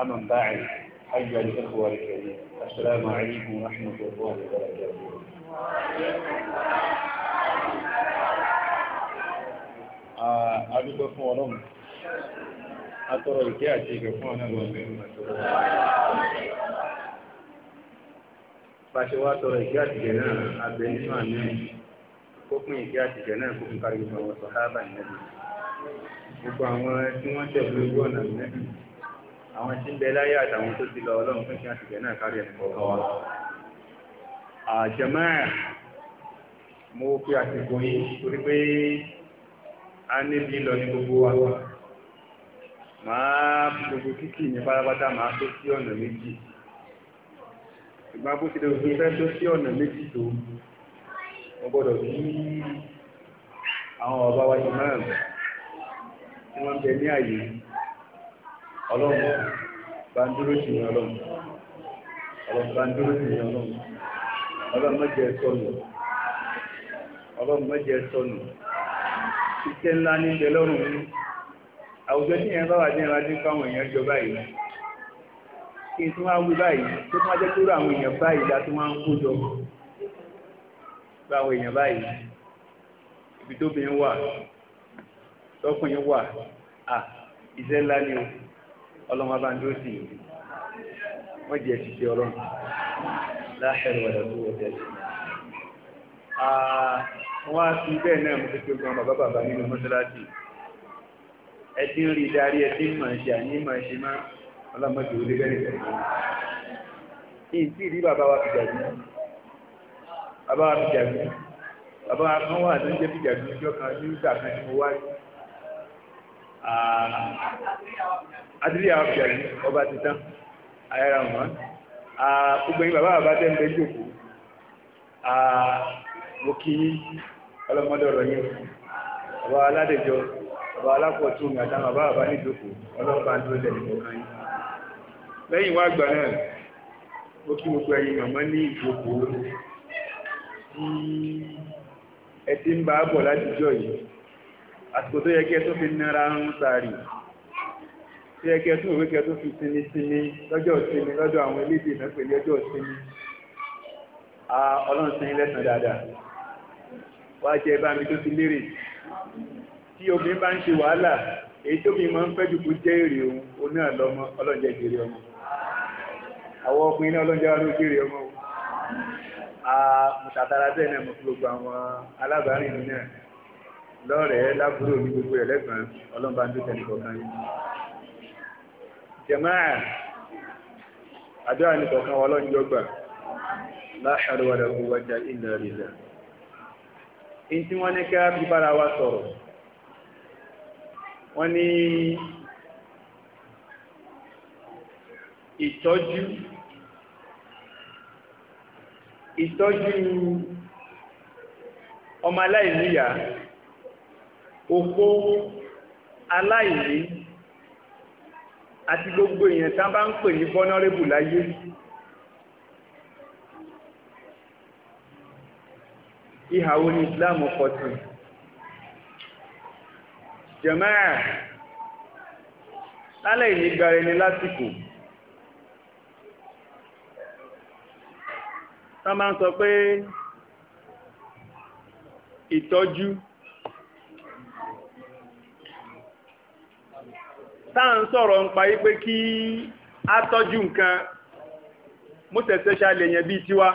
أما بعد أيها الإخوة الكريم السلام عليكم ورحمة الله وبركاته adúgbò fún ọlọ́run atọ́rọ ìkẹ́ àti ìgbẹ̀ fún ọ̀nà lọ mẹ́rin pàṣẹwà tọrọ ìkẹ́ àti ìgbẹ̀ náà abẹ nínú àná kó fún ìkẹ́ àti ìgbẹ̀ náà kó fún kárí gbogbo àwọn sọ̀hábà ìnẹ́bí gbogbo àwọn tí wọ́n tẹ̀lé ojú ọ̀nà nẹ́bí àwọn tí ń bẹ láyé àtàwọn tó ti lọ ọlọ́run fún kí wọ́n ti bẹ̀ náà kárí ẹ̀kọ́ kan wa. àjẹmọ́ ẹ̀ mo fi àsìkò yìí torí pé a níbi lọ ní gbogbo wa màá gbogbo kíkì ní pátápátá màá tó sí ọ̀nà méjì ìgbà bó ti lè fi fẹ́ tó sí ọ̀nà méjì tó mo gbọ́dọ̀ kí àwọn ọba wa ti máa ń bẹ̀rẹ̀ wọ́n ń bẹ ní àyè ọlọ́run bá ń dúró sí ọlọ́run ọlọ́run bá ń dúró sí ọlọ́run ọlọ́run mọ́jẹ sọnù ọlọ́run mọ́jẹ sọnù iṣẹ́ ńlá ní ìbẹ̀ lọ́rùn mi àwùjọ tí yẹn bá wà ní ìrántí fáwọn èèyàn jọ báyìí kí n tún wá wí báyìí tó tún wá jẹ́ kúrò àwọn èèyàn báyìí la tún wá ń kó jọ bá èèyàn báyìí ibi tóbi ń wà tọkùn yín wà à iṣẹ́ ńlá ni o ọlọ́mọ bá ń dúró sí i wọ́n jẹ́ ṣiṣẹ́ ọlọ́run láṣẹ́rù ọ̀dọ̀ tó wọ́n jẹ́ sí i. wọ́n á fi bẹ́ẹ̀ náà mo fi pé gan bàbá bàbá nínú mọ́ṣáláṣí ẹ ti ń rí i darí ẹ ti ń mọ̀ ṣe àní mọ̀ ṣe má ọlọ́mọdé ò lè bẹ́ẹ̀ bẹ́ẹ̀ bẹ́ẹ̀. ìtì rí bàbá wa fìjàgbé bàbá wa fìjàgbé bàbá wa kan wà tó ń jẹ́ fìjàgbé ọjọ́ kan ní ìgbà kan tí mo wáyé adílé àwọn fìyàrí ọba ti tán ayára wọn ah, gbogbo yín bàbá bàbá tẹ́ ń bẹ jòkó ah, mo kí yín ọlọ́mọdé ọ̀rọ̀ yín bàbá aládèjọ bàbá alápọ̀tún mi àtàwọn bàbá bàbá níjòkó ọlọ́pàá ń dúró lẹ́yìn kọ̀ọ̀kan yín lẹ́yìn wá gbà náà mo kí gbogbo ẹ̀yin ti ń bá a bọ̀ láti àsìkò tó yẹ kí ẹ tó fi nira ń sàárì tí yẹ kí ẹ tún òwe kí ẹ tó fi sinmi sinmi lọ́jọ́ sinmi lọ́jọ́ àwọn elédè náà pẹ̀lú ẹjọ́ sinmi ọlọ́run sinmi lẹ́sàn-án dáadáa wá jẹ́ bá mi tó ti lérè tí obìnrin bá ń ṣe wàhálà èyí tó mi máa ń fẹ́ jùkú jẹ́ èrè òun oní àlọ́mọ ọlọ́njẹ́ jèrè ọmọ àwọn ọkùnrin náà ọlọ́njẹ́ wọn ló jèrè ọmọ o mùtàtàrà bẹ́ẹ̀ náà mo fi gbogbo àwọn alábàárìn mi náà lọ́rẹ̀ẹ́ lábúrò ní gbogbo ẹ̀ lẹ́gbọ̀n ọlọ́mọba ń dúkẹ́ nìkọ̀ọ̀kan yìí. jẹ̀máà àdúrà nìkọ̀ọ̀kan wọn lọ́njọ́ gbà láṣàrò wàdà wọjà ilẹ̀ rìlẹ̀. in tí wọ́n ní ká bí bára wa sọ̀rọ̀ wọ́n ní ìtọ́jú ìtọ́jú ọmọ aláìníyàá òpó aláìní àti gbogbo èèyàn tá bá ń pè ní vulnerable láyé ìhàwó ní Islam kọtù jẹ̀máà lálẹ́ ìní gbara ẹni lásìkò tá máa ń sọ pé ìtọ́jú. E táà ń sọ̀rọ̀ nípa yí pé kí a tọ́jú nǹkan most especially yẹn bíi tiwa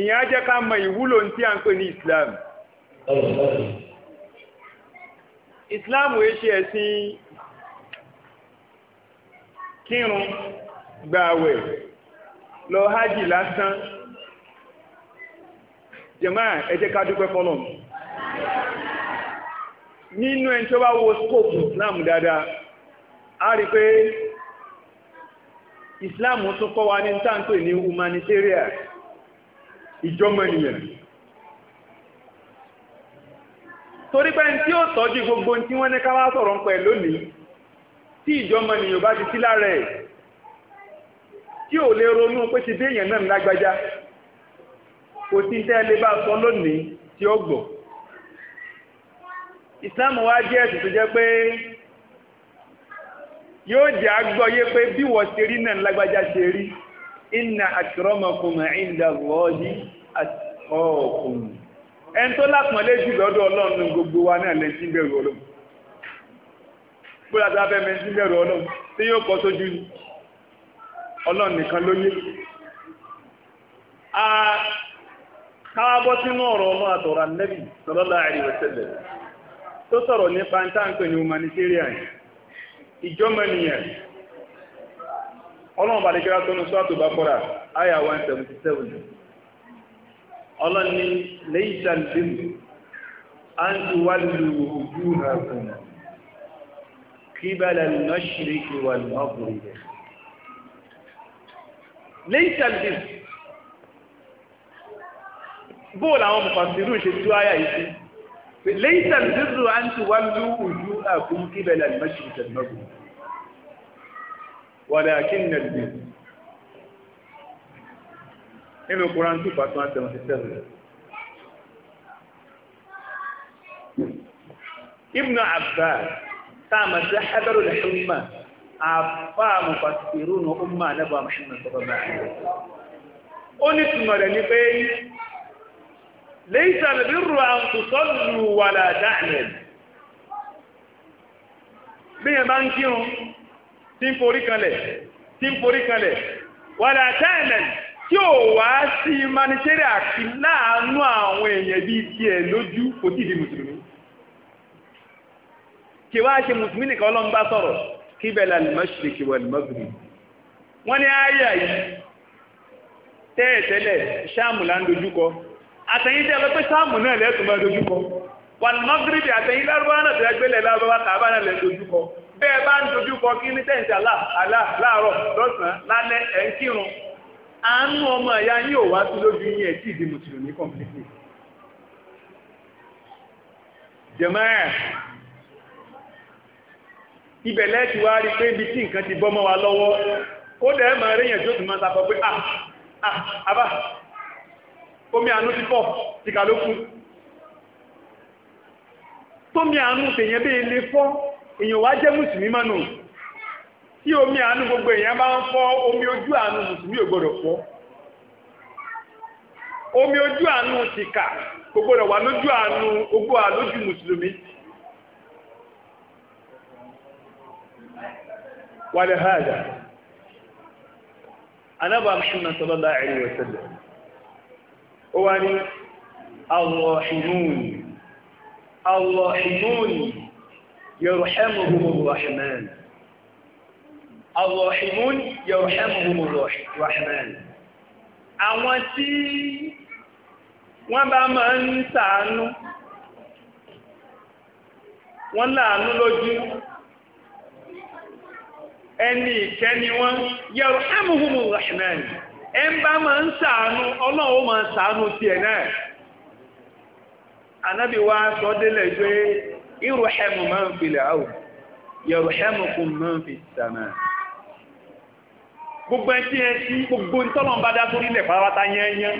ìyẹn á jẹ́ ká mọ ìwúlò tí a ń pè ní Islam Islam ò ṣe ẹ̀sìn kírun gbààwẹ̀ lọ hajj lásán jàmáà ẹ jẹ́ ká dúpẹ́ fọ́lọ́run. nínú ẹni tó bá wo scope islam dáadáa a rí pé islam tún kọ́ wa ní táǹpẹ̀ ní humanitarian ìjọmọnìyàn torí pé tí ó tọ́jú gbogbo tí wọ́n ní ká wá sọ̀rọ̀ ń pẹ̀ lónìí tí ìjọmọnìyàn bá ti sí lára ẹ̀ tí ò lè ronú pé ti bí èèyàn náà lágbájá kò sí tẹ́ bá sọ lónìí tí ó gbọ́. islam wa jẹ́ ẹ̀sìn tó jẹ́ pé yóò jẹ́ agbọ́yé pé bí seri ṣe rí náà lágbájá ṣe rí inna akramakum inda Allahi atqakum ẹni tó lápọ̀nlé jù lọ́dọ̀ ọlọ́run gbogbo wa náà tí yóò sójú ni ọlọ́run nìkan ló yé káwá bọ́ sínú tó sọ̀rọ̀ nípa táǹkì ní humanitarian ìjọ́mọ̀nìyàn ọlọ́run bá dẹ́gbẹ́ra tó ní sọ́ọ̀tù bá kọ́ra àyà one seventy seven ọlọ́run ní lẹ́yìn ń tu wá lulu ojú hàkùn kí bẹ́ẹ̀ lọ́ọ́ ṣeré kí wà rẹ̀ lẹ́yìn bóòlù ليس البر أن تولوا وجوهكم قبل المشرق المغرب ولكن البر nínú Quran two past one seventy seven Ibn Abbas táàmà sí hadaru lè ṣùgbọ́n àfa mufasiru ní umma anabu Muhammad sọ̀rọ̀ báyìí ó ní túmọ̀ rẹ̀ ní pé ليس البر أن تصلوا ولا تعمل bí yẹn bá ń kírun tí ń forí kanlẹ̀ tí ń forí kanlẹ̀ wàlà táìlẹ̀ tí ò wá sí maniṣẹ́rì àti láàánú àwọn èèyàn bíi tiẹ̀ lójú kò tí ì di mùsùlùmí. kí wàá ṣe mùsùlùmí nìkan ọlọ́run sọ̀rọ̀ kí bẹ́ẹ̀ la lè má ṣe kí wà lè má bìrì. wọ́n ní àyà yìí tẹ́ẹ̀tẹ́lẹ̀ ṣáàmù là ń dojúkọ àtẹ̀yìn tẹ́ ẹ lọ pé sáàmù náà lẹ́sùn máa dojú kọ wàlúmọ́gírìbì àtẹ̀yìn lárúbáwá náà tẹ̀yà gbélé lárúbáwá kàbá náà lẹ́ dojú kọ bẹ́ẹ̀ bá ń dojú kọ kí ní tẹ̀sí àlá àlá láàárọ̀ lọ́sàn-án lálẹ́ ẹ̀ ń kírun àánú ọmọ ẹ̀yà yín ò wá sí lójú yín ẹ̀ tí ìdí mùsùlùmí kọ̀m̀pìlìtì jẹ̀mọ́ ẹ̀ ibẹ̀ lẹ́ẹ̀tì wá rí pé ibi tí nǹkan ti bọ́ mọ́ wa lọ́wọ́ kódà ẹ̀ máa rí yẹn omi àánú ti pọ̀ ti kà ló kú tómi àánú tèyàn bí ilé fọ́ èyàn wá jẹ́ mùsùlùmí mọ́nù tí omi àánú gbogbo èyàn bá ń fọ́ omi ojú àánú mùsùlùmí ò gbọ́dọ̀ omi ojú àánú ti kà gbogbo rẹ̀ lójú àánú gbogbo àlójú mùsùlùmí wàlẹ̀ anábàá ó wá ní alọ́ọ̀hìnúùnì alọ́ọ̀hìnúùnì yorùhẹ́mùhùmù rọ̀hìmẹ́n alọ́ọ̀hìnúùnì yorùhẹ́mùhùmù rọ̀hìmẹ́n àwọn tí wọ́n bá máa ń ṣàánú wọ́n láàánú lójú ẹni ìkẹ́ni wọ́n yorùhẹ́mùhùmù ẹ ń máa ń sàánú ọlọ́run ó máa sàánú tiẹ̀ náà anabi wa sọ délẹ̀ pé irú hẹ́mu máa ń filẹ̀ áwò yẹ̀rù gbogbo ẹtí ẹtí gbogbo ntọ́lọ́n bá dá sórí ilẹ̀ pàápàá yẹ́nyẹ́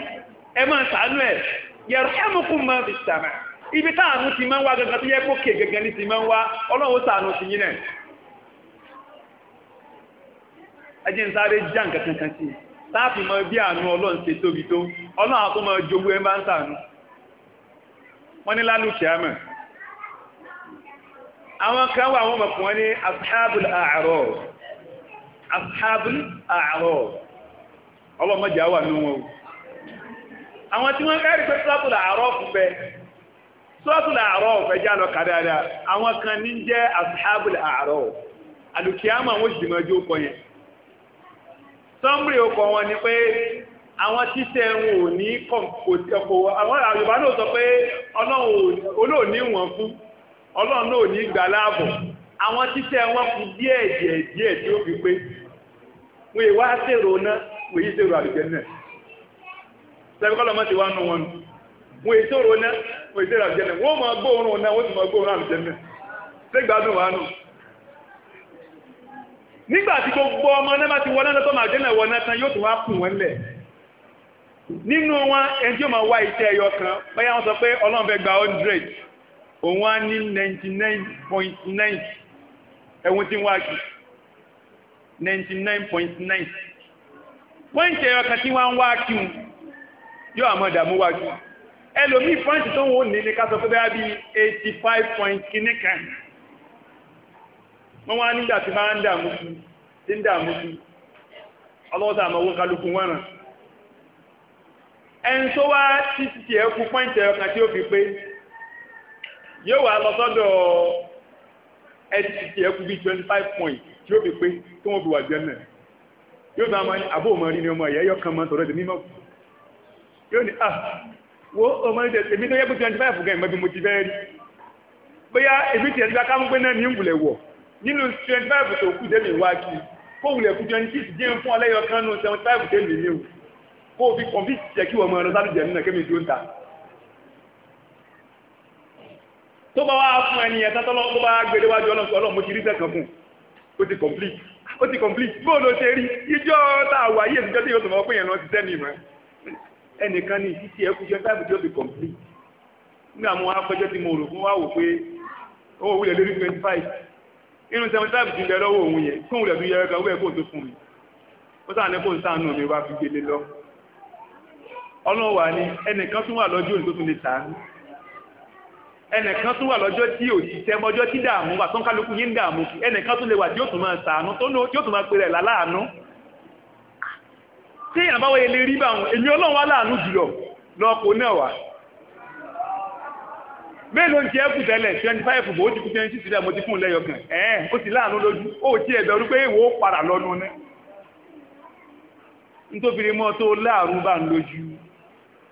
ẹ máa sàánú máa fi ibi táàánú ti máa ń wá tó yẹ kó ké ní ti máa ń wá ọlọ́run sàánú ti yín náà jẹ́ láàfin mọ bí àánú ọlọ́run ṣe tóbi tó ọlọ́run àkó mọ jowó ẹ bá ń sànú wọ́n ní lálùkẹ́ àmọ́ àwọn kan wà wọ́n mọ̀ pé ní ashabul a'raf ashabul a'raf ọlọ́mọdé àwọn àánú wọn o àwọn tí wọ́n kárí pé suratul a'raf fún bẹ́ẹ̀ kan ní jẹ́ àwọn sọ́mbìrì ọkọ wọn ni pé àwọn tíṣẹ́ wọn ò ní kọ̀ǹkò àwọn àyùbá náà sọ pé olóòní wọn fún ọlọ́run náà ò ní gbà láàbọ̀ àwọn tíṣẹ́ wọn kù díẹ̀ díẹ̀ díẹ̀ tí ó fi pé wọn náà náà ti wá nù wọn nù náà náà gbóòórùn náà nígbà tí gbogbo ọmọ náà bá ti wọlé náà tó máa délẹ̀ wọ náà tán yóò tún wá kùn wọn lẹ̀ nínú wọn ẹni tí ó máa wá iṣẹ́ ẹyọ kan báyà wọn sọ pé ọlọ́run gba hundred òun á ní ninety nine point nine ẹ̀wọ̀n tí ń wá kí ninety nine point nine pọ́ǹtì ẹyọ kan tí wọ́n á wá kí wọn yóò àmọ́ ìdààmú wá kí wọn ẹlòmíì pọ́ǹtì tó ń wò ní ní ká sọ pé bẹ́ẹ̀ eighty five point kìíní kan. wọ́n wá nígbà tí máa ń dààmú sí tí ń dààmú sí ọlọ́sà àmọ́ kálukú wọn ràn ẹni tó wá títí pọ́ǹtì ọkàn tí ó fi pé yóò wá lọ sọ́dọ̀ ẹni títí tiẹ̀ kú bíi twenty five point tí ó fi pé tí wọ́n fi wà jẹ́ náà yóò fi àmọ́ àbó ọmọ ni ah wo ọmọ rí tó yẹ kó twenty five gan mo ti fẹ́ rí bóyá nínú twenty five tó kù tẹ́lẹ̀ wá kí kóhùn lẹ̀kú twenty six díẹ̀ fún ọlẹ́yọ kan nù seventy five tẹ́lẹ̀ ní o kó o fi kọ̀m̀pìtì jẹ́ kí wọ́n mọ ẹran sáré jẹ̀ nínú kémi tó ń ta. tó bá wá fún ẹni yẹn tátọ́ lọ́wọ́ tó bá gbélé wájú ọlọ́mọ ọlọ́mọ ti rí sẹ́kàn fún ó ti complete ó ti complete bó ló ṣe rí ijó tá a wà yíyẹ ìjọ tí yóò tó mọ́ pé yẹn lọ ti sẹ́ni mọ́ ẹnìkan ní títí ẹkú jẹ táìpù tí ó fi complete nígbà mo wá pẹ́jọ́ tí mo rò fún wa wò pé ó wúlẹ̀ lórí twenty five irú seventy five ti ń bẹ lọ́wọ́ òun yẹn kóun rẹ̀ tó yẹ ẹ̀ka wẹ́ẹ̀ kóun tó fún mi ó sàn ní kóun sànù mi wá fi gbélé lọ ọlọ́run wà ní ẹnìkan tún wà lọ́jọ́ òní tó tún lè sàánú ẹnìkan tún wà lọ́jọ́ tí òṣìṣẹ́ mọ́jọ́ tí dààmú wà tán kálukú yín dààmú kí ẹnìkan tún lè wà tí ó tún máa sàánú tó ní ó tún máa mélòó ń jẹ́ 25 bụ twenty five bò ó ti kú twenty six rẹ̀ mo ti fún lẹ́yọkàn ẹ̀ẹ́n ó ti láàánú lójú ó ti pé ìwò padà tó bá ń lójú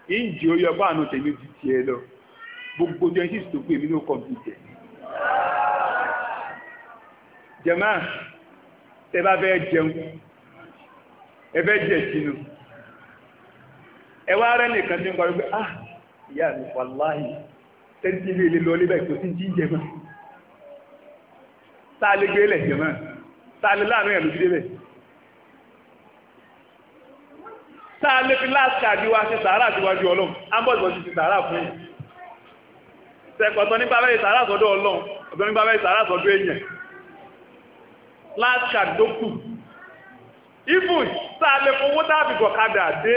ìǹjì tèmi lọ gbogbo twenty six tó ló jẹ. tẹ bá tẹ́tí ilé ilé lọ lébẹ̀ tó ti ń jíjẹ mọ́ tá a lè gbé lẹ̀ jẹ mọ́ tá a lè láàánú yẹn débẹ̀ tá a lè fi láti àdíwá ṣe sàárà síwájú ọlọ́run ambọ̀dìbọ̀ ti ti sàárà fún yìí sẹ̀kọ̀tọ̀ ní bá bẹ́ẹ̀ sàárà sọ́dọ̀ ọlọ́run ọ̀tọ̀ ní bá bẹ́ẹ̀ sàárà sọ́dọ̀ èèyàn láti àdókù ibù tá a lè fowó tábìbọ̀ kadà dé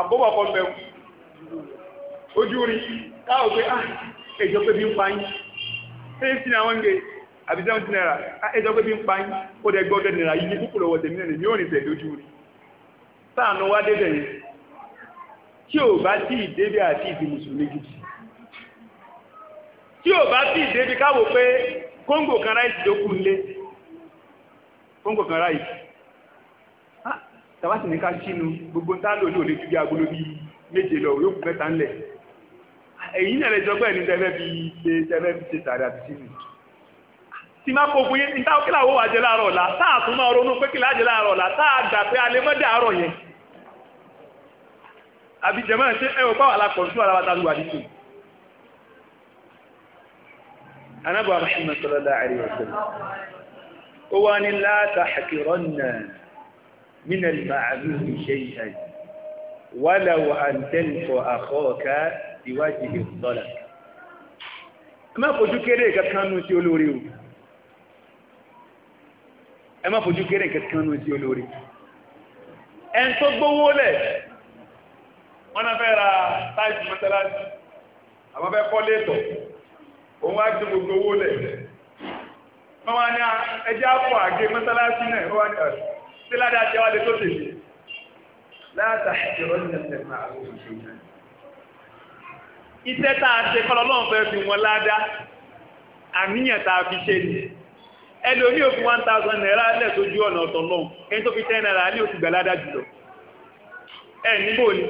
àbọ̀bọ̀ kan bẹ̀rù ojú rí káwọ̀ pé ah ẹjọ́ pé bí ń pa yín fẹ́yìn sí ni àwọn ń gbé àbí seventy naira ẹjọ́ pé bí ń pa yín ó dẹ̀ gbọ́ ọ̀dẹ̀ naira yìí ní kúkúrò wọ̀ tèmi nìyí yóò rìn tẹ̀ lójú rí sáànù wá débẹ̀ yẹn tí ò bá tí ì débi àti ìdí mùsùlùmí gidi tí ò bá tí ì débi káwọ̀ pé kóńgò kan ráìsì ló kù lé kóńgò kan ráìsì ah, tàbátì ní ká ní òde ju bí méje lọ yóò kú mẹ́ta ńlẹ̀ èyí náà lè jọ pé ẹni tẹ́fẹ́ fi ṣe tẹ́fẹ́ fi ṣe tààrí àti sínú. tí máa kó fún yín níta kí làwọn wà jẹ láàárọ̀ ọ̀la tá a tún máa ronú pé kí làá jẹ láàárọ̀ ọ̀la tá a gbà pé alẹ́ mọ́dé àárọ̀ yẹn. àbí jẹ̀mọ́ ẹ̀ ṣe ẹ wò báwa la pọ̀ sí wàrà wàtà lùwà nínú. anábọ̀ Muhammad sallallahu alaihi wasallam ó wá ní la tahqiranna min al-ma'ruf shay'an walaw an talqa akhaka ìwádìí lè dọ́là. ẹ má fojú kéré kankan nu sí olórí o ẹ má fojú kéré kankan nu sí olórí ẹ̀ ń tó gbówó lẹ̀ wọ́n náà fẹ́ ra táìsì mọ́tálásì àwọn fẹ́ kọ́ létọ̀ òun wá gbogbo owó lẹ̀ wọ́n wá ní ah, ẹjẹ́ àpò àgé mọ́tálásí náà wọ́n wá ní ọ̀rọ̀ ah, sí ládàá tí wọ́n lè tó tèmi látàkì ìrọ̀lẹ́ ẹ̀sẹ̀ máa ń iṣẹ́ tá a ṣe kọ́lọ́ lọ́wọ́ fẹ́ fi wọn ládá àníyàn tá a fi ṣe ni ẹlòmí ò fi one thousand naira lẹ̀ sójú ọ̀nà ọ̀tọ̀ náà ẹni tó fi ten naira ní oṣù gbàládà jùlọ ẹ níbo ni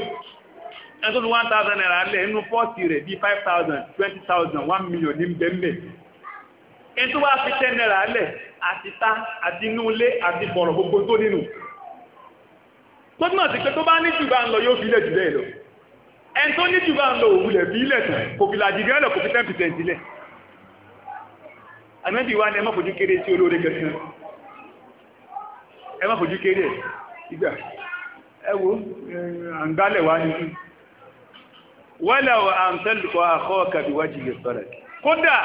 ẹni tó fi one thousand naira lẹ̀ nínú pọ́ọ̀sì rẹ̀ bíi five thousand twenty thousand one million ní bẹ́ẹ̀mbẹ́ ẹni tó wá fi ten naira lẹ̀ àti ta àti inú ilé àti bọ̀rọ̀ gbogbo tó nínú tó túnmọ̀ sí pé tó bá ní jù bá ń lọ yóò fi lẹ̀ jù bẹ́ẹ̀ lọ ẹn tó ní jù bá ń lọ òwúlẹ̀ bí ilẹ̀ tán kò fi làjì gẹ́lẹ̀ kò fi ten percent ilẹ̀ ànábì wa ni ẹ má fojú kéré sí olóore gẹ̀ẹ́sán ẹ má fojú kéré ìgbà ẹ wo àǹgbálẹ̀ wa ni wọ́lẹ̀ àǹtẹ́lùkọ́ àkọ́ kàbíwájì lè sọ̀rọ̀ kódà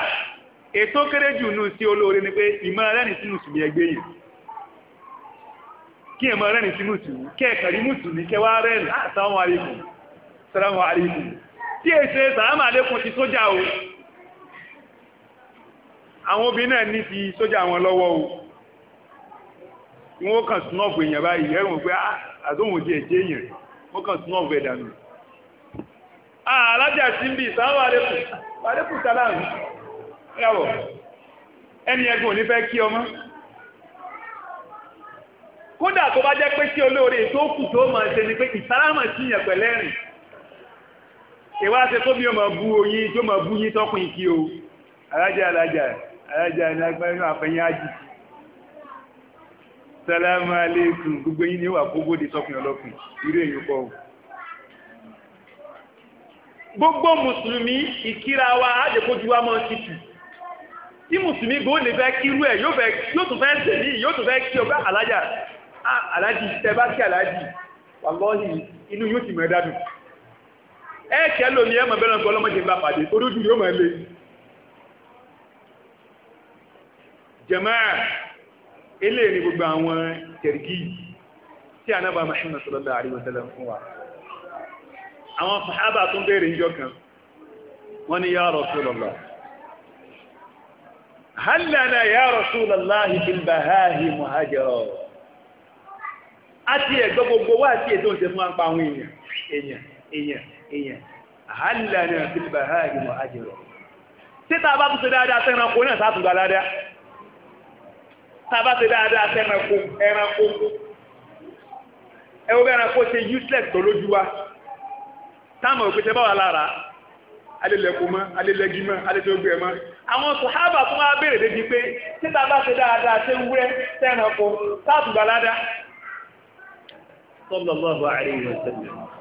ètò kéré jù nù sí olóore ni pé ìmọ̀ ẹlẹ́ni sínú sùnmí ẹgbẹ́ yìí kí ẹ̀mọ̀ ẹlẹ́ni sínú sùnmí kẹ́ẹ̀kàrí mùsùlùmí kẹwàá rẹ̀ ní àtàwọn àríkùn sàlámù àlẹ́kùn tí èsè sàlámù àlẹ́kùn ti sójà o àwọn obìnrin náà ní ti sójà wọn lọ́wọ́ o wọ́n kàn snọ́ọ̀bù èèyàn báyìí ẹ̀rù pé ah, àdóhùn jẹ́ èjé èèyàn wọ́n kàn snọ́ọ̀bù ẹ̀dà nù. Ah, alájà sí ń bì sàlámù àlẹ́kùn àlẹ́kùn sàlámù yàwọ̀ ẹni ẹgbẹ́ òní fẹ́ kí ọmọ kódà tó bá jẹ́ pé sí olóore tó kù tó máa ṣe ni pé ìsálámà sí yẹn pẹ̀lẹ́rìn ìwà ṣe tóbi ọmọ bú oyin tó mọ bú yín tọkùn ìkí o alájà alájà alájà ní agbẹ́rún àfẹ́yìn ájì sálámù aleikum gbogbo yín ni wà kóbóde tọkùn ọlọ́kùn irú èyí kọ́ o gbogbo mùsùlùmí ìkíra wa àdèkójú wa máa ti tù tí mùsùlùmí gbòó lè fẹ́ kírú ẹ̀ yóò tún fẹ́ tèmi yóò tún fẹ́ kí ọgbà alájà alájì tẹ bá kí alájì wàlọ́ọ̀hì inú yóò ẹ̀kẹ́ lómi ẹ̀ mọ̀ bẹ́ẹ̀ lọ́nkọ́ ọlọ́mọdé bá pàdé torí yóò máa lé jẹ̀mọ́ eléyìí gbogbo àwọn na tí anábà Muhammad sallallahu alaihi wasallam fún wa àwọn sàhábà tún béèrè níjọ́ kan wọ́n ya Rasulullah hal lana ya Rasulullah fil ẹ̀gbọ́ gbogbo wá àti ètò ìṣẹ́fún àwọn èèyàn èèyàn èèyàn àhálà ní ìfìlìbà ha ìmọ̀ àjẹrò títà bá tún ṣe dáadáa sí ẹranko náà sá tún gba dáadáa tá a bá ṣe dáadáa sí ẹranko ẹranko ẹ wo bí ẹranko ṣe useless tó lójú wa táwọn òpèsè báwa lára alẹ́lẹ́kù mọ́ alẹ́lẹ́gí mọ́ alẹ́lẹ́gbẹ́ mọ́ àwọn sùhábà tún wá béèrè débi pé títà bá ṣe dáadáa ṣe ń wúrẹ́ sẹ́ranko sá tún gba dáadáa. sallallahu alaihi wasallam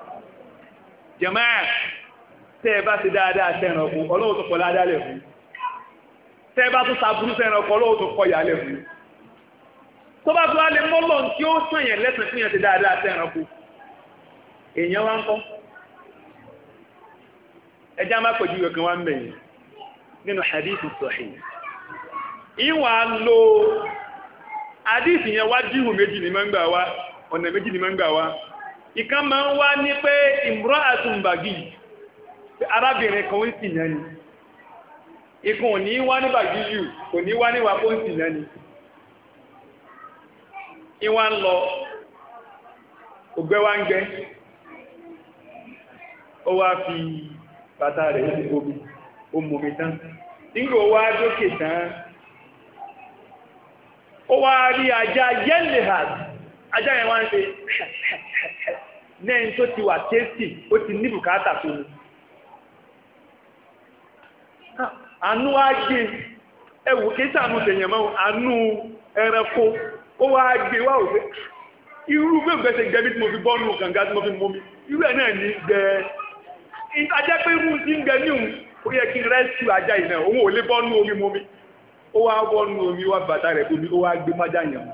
jẹ̀mọ́ tẹ́ ẹ bá ti dáadáa sẹ́ran ọkọ ọlọ́wọ́ tó kọ́ ládàá lẹ̀ fún tẹ́ ẹ bá tún sàbúrú sẹ́ran ọkọ ọlọ́wọ́ tó kọ́ yà lẹ̀ fún tó bá tó wá lè mọ́ lọ́n tí ó sàn yẹn lẹ́sìn fún yẹn ti dáadáa sẹ́ran ọkọ èèyàn wá ń kọ́ ẹja má pẹ̀lú ìwé kan wá ń bẹ̀yìn nínú hadithu sahih ìwà lo hadith yẹn wá díhù méjì ní mọ́ ń gbà wá ọ̀nà méjì ní mọ́ ń ìkan máa ń wá ní pé ìmúra àtúnbàgì arábìnrin kan ń sì yẹn ni ikùn ò ní wá ní bàgì yù kò ní wá níwá kó ń sì yẹn ni ìwà ń wa fi bàtà rẹ̀ ó ti bomi ó mọ̀mí tán nígbà ó wá tán ó wá rí ajá yẹ́lẹ̀ lẹ́yìn tó ti wà tẹ́sì ó ti ní bùkátà tó ní. àánú wá gbé ẹwù kí sàánú tèèyàn mọ́ àánú ẹranko ó wá gbé wá òfé irú bẹ́ẹ̀ bẹ́ẹ̀ ṣe gẹ́bí tí mo fi bọ́ọ̀nù kànga tí mo fi mú mi irú ẹ̀ náà ní gbẹ ìtajẹ́ pé irú ti ń gbẹ ní òun ó yẹ kí omi mu mi ó wá omi wá bàtà rẹ̀ omi ó wá gbé májà yẹn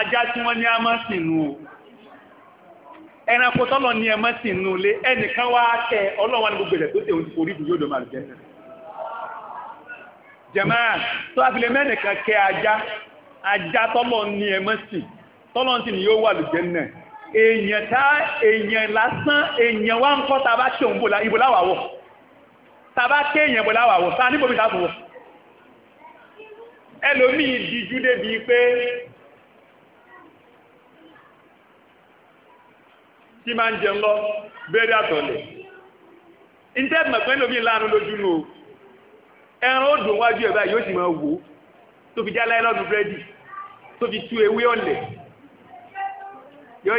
ajá tí wọ́n ní ẹranko tọ́lọ̀ ní ẹmọ́ sì nù lé ẹnìkan wá tẹ ọlọ́wọ́n ní gbogbo ẹ̀ tó tẹ òun orí ìdúró dòmọ àlùjẹ náà. jẹ̀mọ́ tó a fi lè mẹ́nìkan kẹ ajá ajá tọ́lọ̀ ní ẹmọ́ sì tọ́lọ̀ sì ni yóò wà àlùjẹ náà èèyàn tá èèyàn lásán èèyàn wá ń kọ́ tá a bá tẹ̀ òun ìbò láwàá wọ̀ tá a bá tẹ̀ èèyàn ìbò láwàá wọ̀ tá a níbo mi ta fún wọ̀ ẹlòmíì díjú débi pé tí máa ń jẹun lọ bẹ́ẹ̀rẹ̀ àtọ̀lẹ̀ ntẹ́ mẹ̀pẹ́ lómi lánàá lójú nù o ẹran ó dùn wájú ẹ̀ báyìí yóò sì máa wò ó tó fi jálá ẹlọ́nu búrẹ́dì tó fi ewé ọ̀lẹ̀ yóò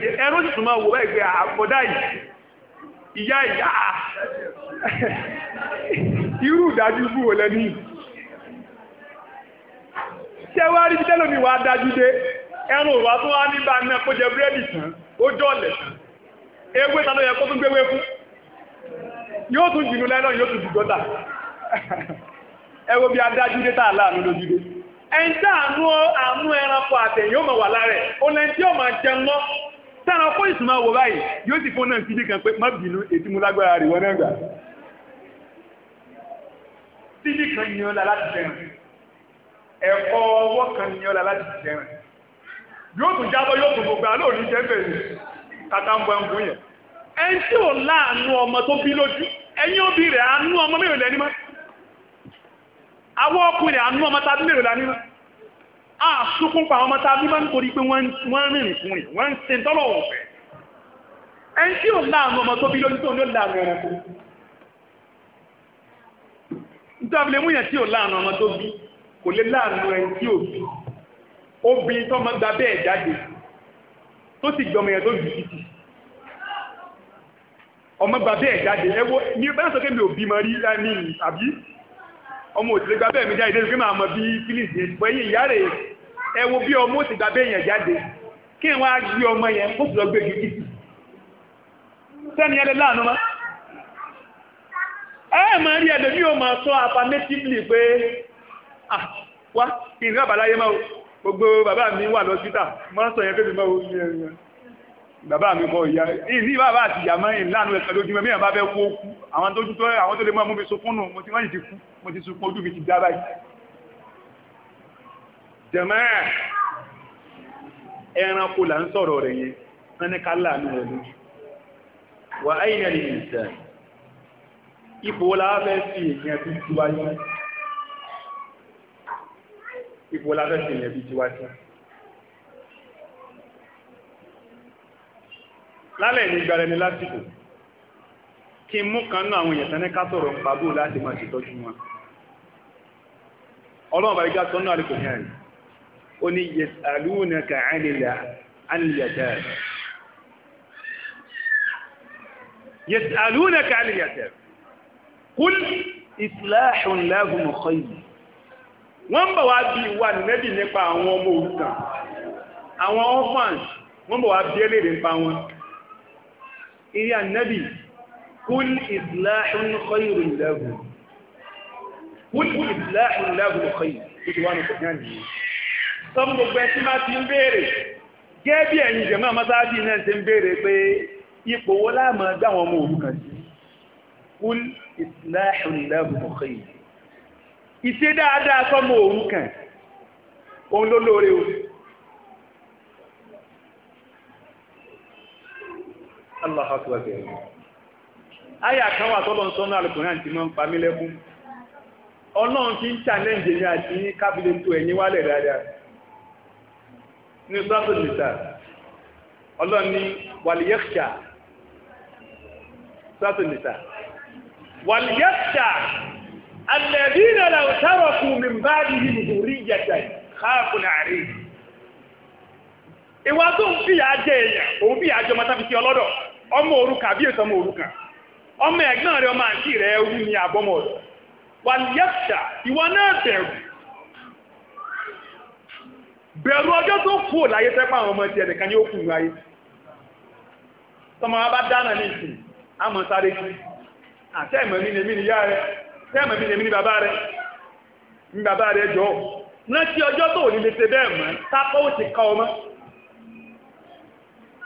jẹ ẹran ó sì tún máa wò báyìí pé àbọ̀dá yìí ìyá ìyá irú ìdájú bù wò lẹ́nu yìí ṣé wàá rí bí tẹ́lómi wàá dájú dé ẹran òwà tó wá nígbà náà kó jẹ búrẹ́dì tán. ó jọ ọ̀lẹ̀ ewé ta ló yẹ kó tún gbéwé fún yóò tún jìnnú lẹ́nà yóò tún jùjọ́ tà ẹ wo bí adájú dé tá àláàánú lójú dé ẹ̀ńtà àánú àánú ẹranko àtẹ̀yìn ó mọ̀ wà lára ẹ̀ olẹ́ntí ó máa jẹun mọ́ fún ìsúnmọ́ wò báyìí yóò sì fún náà kan pé má bínú ètí lágbára rè wọ́n kan ni ó láti ẹ̀kọ́ ọwọ́ kan ni ó láti yóò tún jábọ́ yóò tún gbogbo àlóò ní jẹ́bẹ̀ ni tata ń bọ ẹnkún yẹn ẹni tí ò láàánú ọmọ tó bí lójú ẹ̀yin òbí rẹ̀ àánú ọmọ mélòó lẹ́ni mọ́ àwọn ọkùnrin àánú ọmọ tá a bí mélòó lẹ́ni mọ́ a sunkún pa ọmọ tá a bí mọ́ nítorí pé wọ́n ń rìn fún rìn wọ́n ń ṣe tọ́lọ̀ ọ̀fẹ́ ẹni tí ò láàánú ọmọ tó bí lójú tó ní ó láàánú ẹranko nítorí àbílẹ̀ mú yẹn tí ò láàánú ọmọ tó bí kò lè láàánú ẹni tí ò bí obìnrin tó máa gba bẹ́ẹ̀ jáde tó sì gbọmọ yẹn tó lù títì ọmọ gba bẹ́ẹ̀ jáde ẹ wo ní bẹ́ẹ̀ sọ pé mi ò bímọ rí ẹni àbí ọmọ òtítẹ́ gba bẹ́ẹ̀ mi jáde lórí pé màá mọ bí phillips yẹn pọ̀ ẹ̀yìn ìyá rẹ̀ ẹ wo bí ọmọ òsì gba bẹ́ẹ̀ yẹn jáde kí wọ́n á gbé ọmọ yẹn kó sì lọ gbé ju títì sẹ́ni yẹn lé láàánú mọ́ ẹ máa rí ẹlòmíì ò máa sọ affirmatively pé ah wá kí n rábàláyé máa o gbogbo bàbá mi wà lọ́sítà máa sọ yẹn pé mi máa wo ilé ẹ̀yẹ bàbá mi kọ ìyá ìní bàbá àti ìyá máa ń lánàá ẹ̀ka lójúmọ́ mẹ́rin bá fẹ́ kú ó kú àwọn tó dúdú àwọn tó lè máa mú mi sunkún nù mo ti wáyé ti kú mo ti sunkún ojú mi ti dá báyìí. jẹ̀mọ́ ẹranko là ń sọ̀rọ̀ rẹ̀ yẹn wọ́n ní ká láàánú rẹ̀ lójú. wà á yìnyẹn ní ìsẹ̀ ipò la fẹ́ fi èèyàn tó ju ipò lábẹ́sì ilẹ̀ bíi tiwa sí. lálẹ́ ní gbara ẹni lásìkò kí n mú kan náà àwọn èèyàn sẹ́ni ká sọ̀rọ̀ ń pabó láti máa ṣètọ́jú wọn. ọlọ́run bàbá ìjà sọ náà lè kò ní àná ó ní yas'alunaka 'anil yatam yas'alunaka 'anil yatam qul islahun lahum khayr wọ́n ń bọ̀ wá bí ìwà nìmẹ́bì nípa àwọn ọmọ òrukàn àwọn orphans wọ́n bọ̀ wá bí ẹlẹ́rẹ̀ nípa wọn ìrì ànẹ́bì kúl islahun khayrun lahu kúl islahun lahu khayrun tó ti wá ní kò náà nìyí sọ gbogbo ẹ ìṣe dáadáa sọ́mọ òun kàn òun ló lóore o. Allah akbar bẹ̀rẹ̀. Aya kan wà tọ́lọ̀ ń sọ náà lùkùnrin àti máa ń pa mí lẹ́kún. Ọlọ́run ti ń challenge mi àti kábílẹ̀ tó ẹ̀yìn wálẹ̀ dáadáa. Ní sọ́tò nìta, ọlọ́run ní wàlìyẹ́kṣà. Sọ́tò nìta, wàlìyẹ́kṣà. الذين لو تركوا من بعدهم ذرية خافوا عليهم ìwà tó ń fìyà jẹ èèyàn òun fìyà jẹ ya tábìtì ọlọ́dọ̀ ọmọ òrukàn bí èso ọmọ òrukàn ọmọ ẹ̀gbọ́n rẹ ọmọ àǹtí rẹ ni rẹ náà bẹ̀rù bẹ̀rù ọjọ́ tó kú ò láyé àwọn ọmọ tiẹ̀ nìkan ni ó ayé tọmọ wa bá kí àtẹ́ èmi sẹ́ẹ̀mọ̀ mi lèmi ní bàbá rẹ̀ ní bàbá rẹ̀ jọ rántí ọjọ́ tó ní lè ṣe bẹ́ẹ̀ mọ́ tápọ̀ ó ti kọ́ ọ mọ́.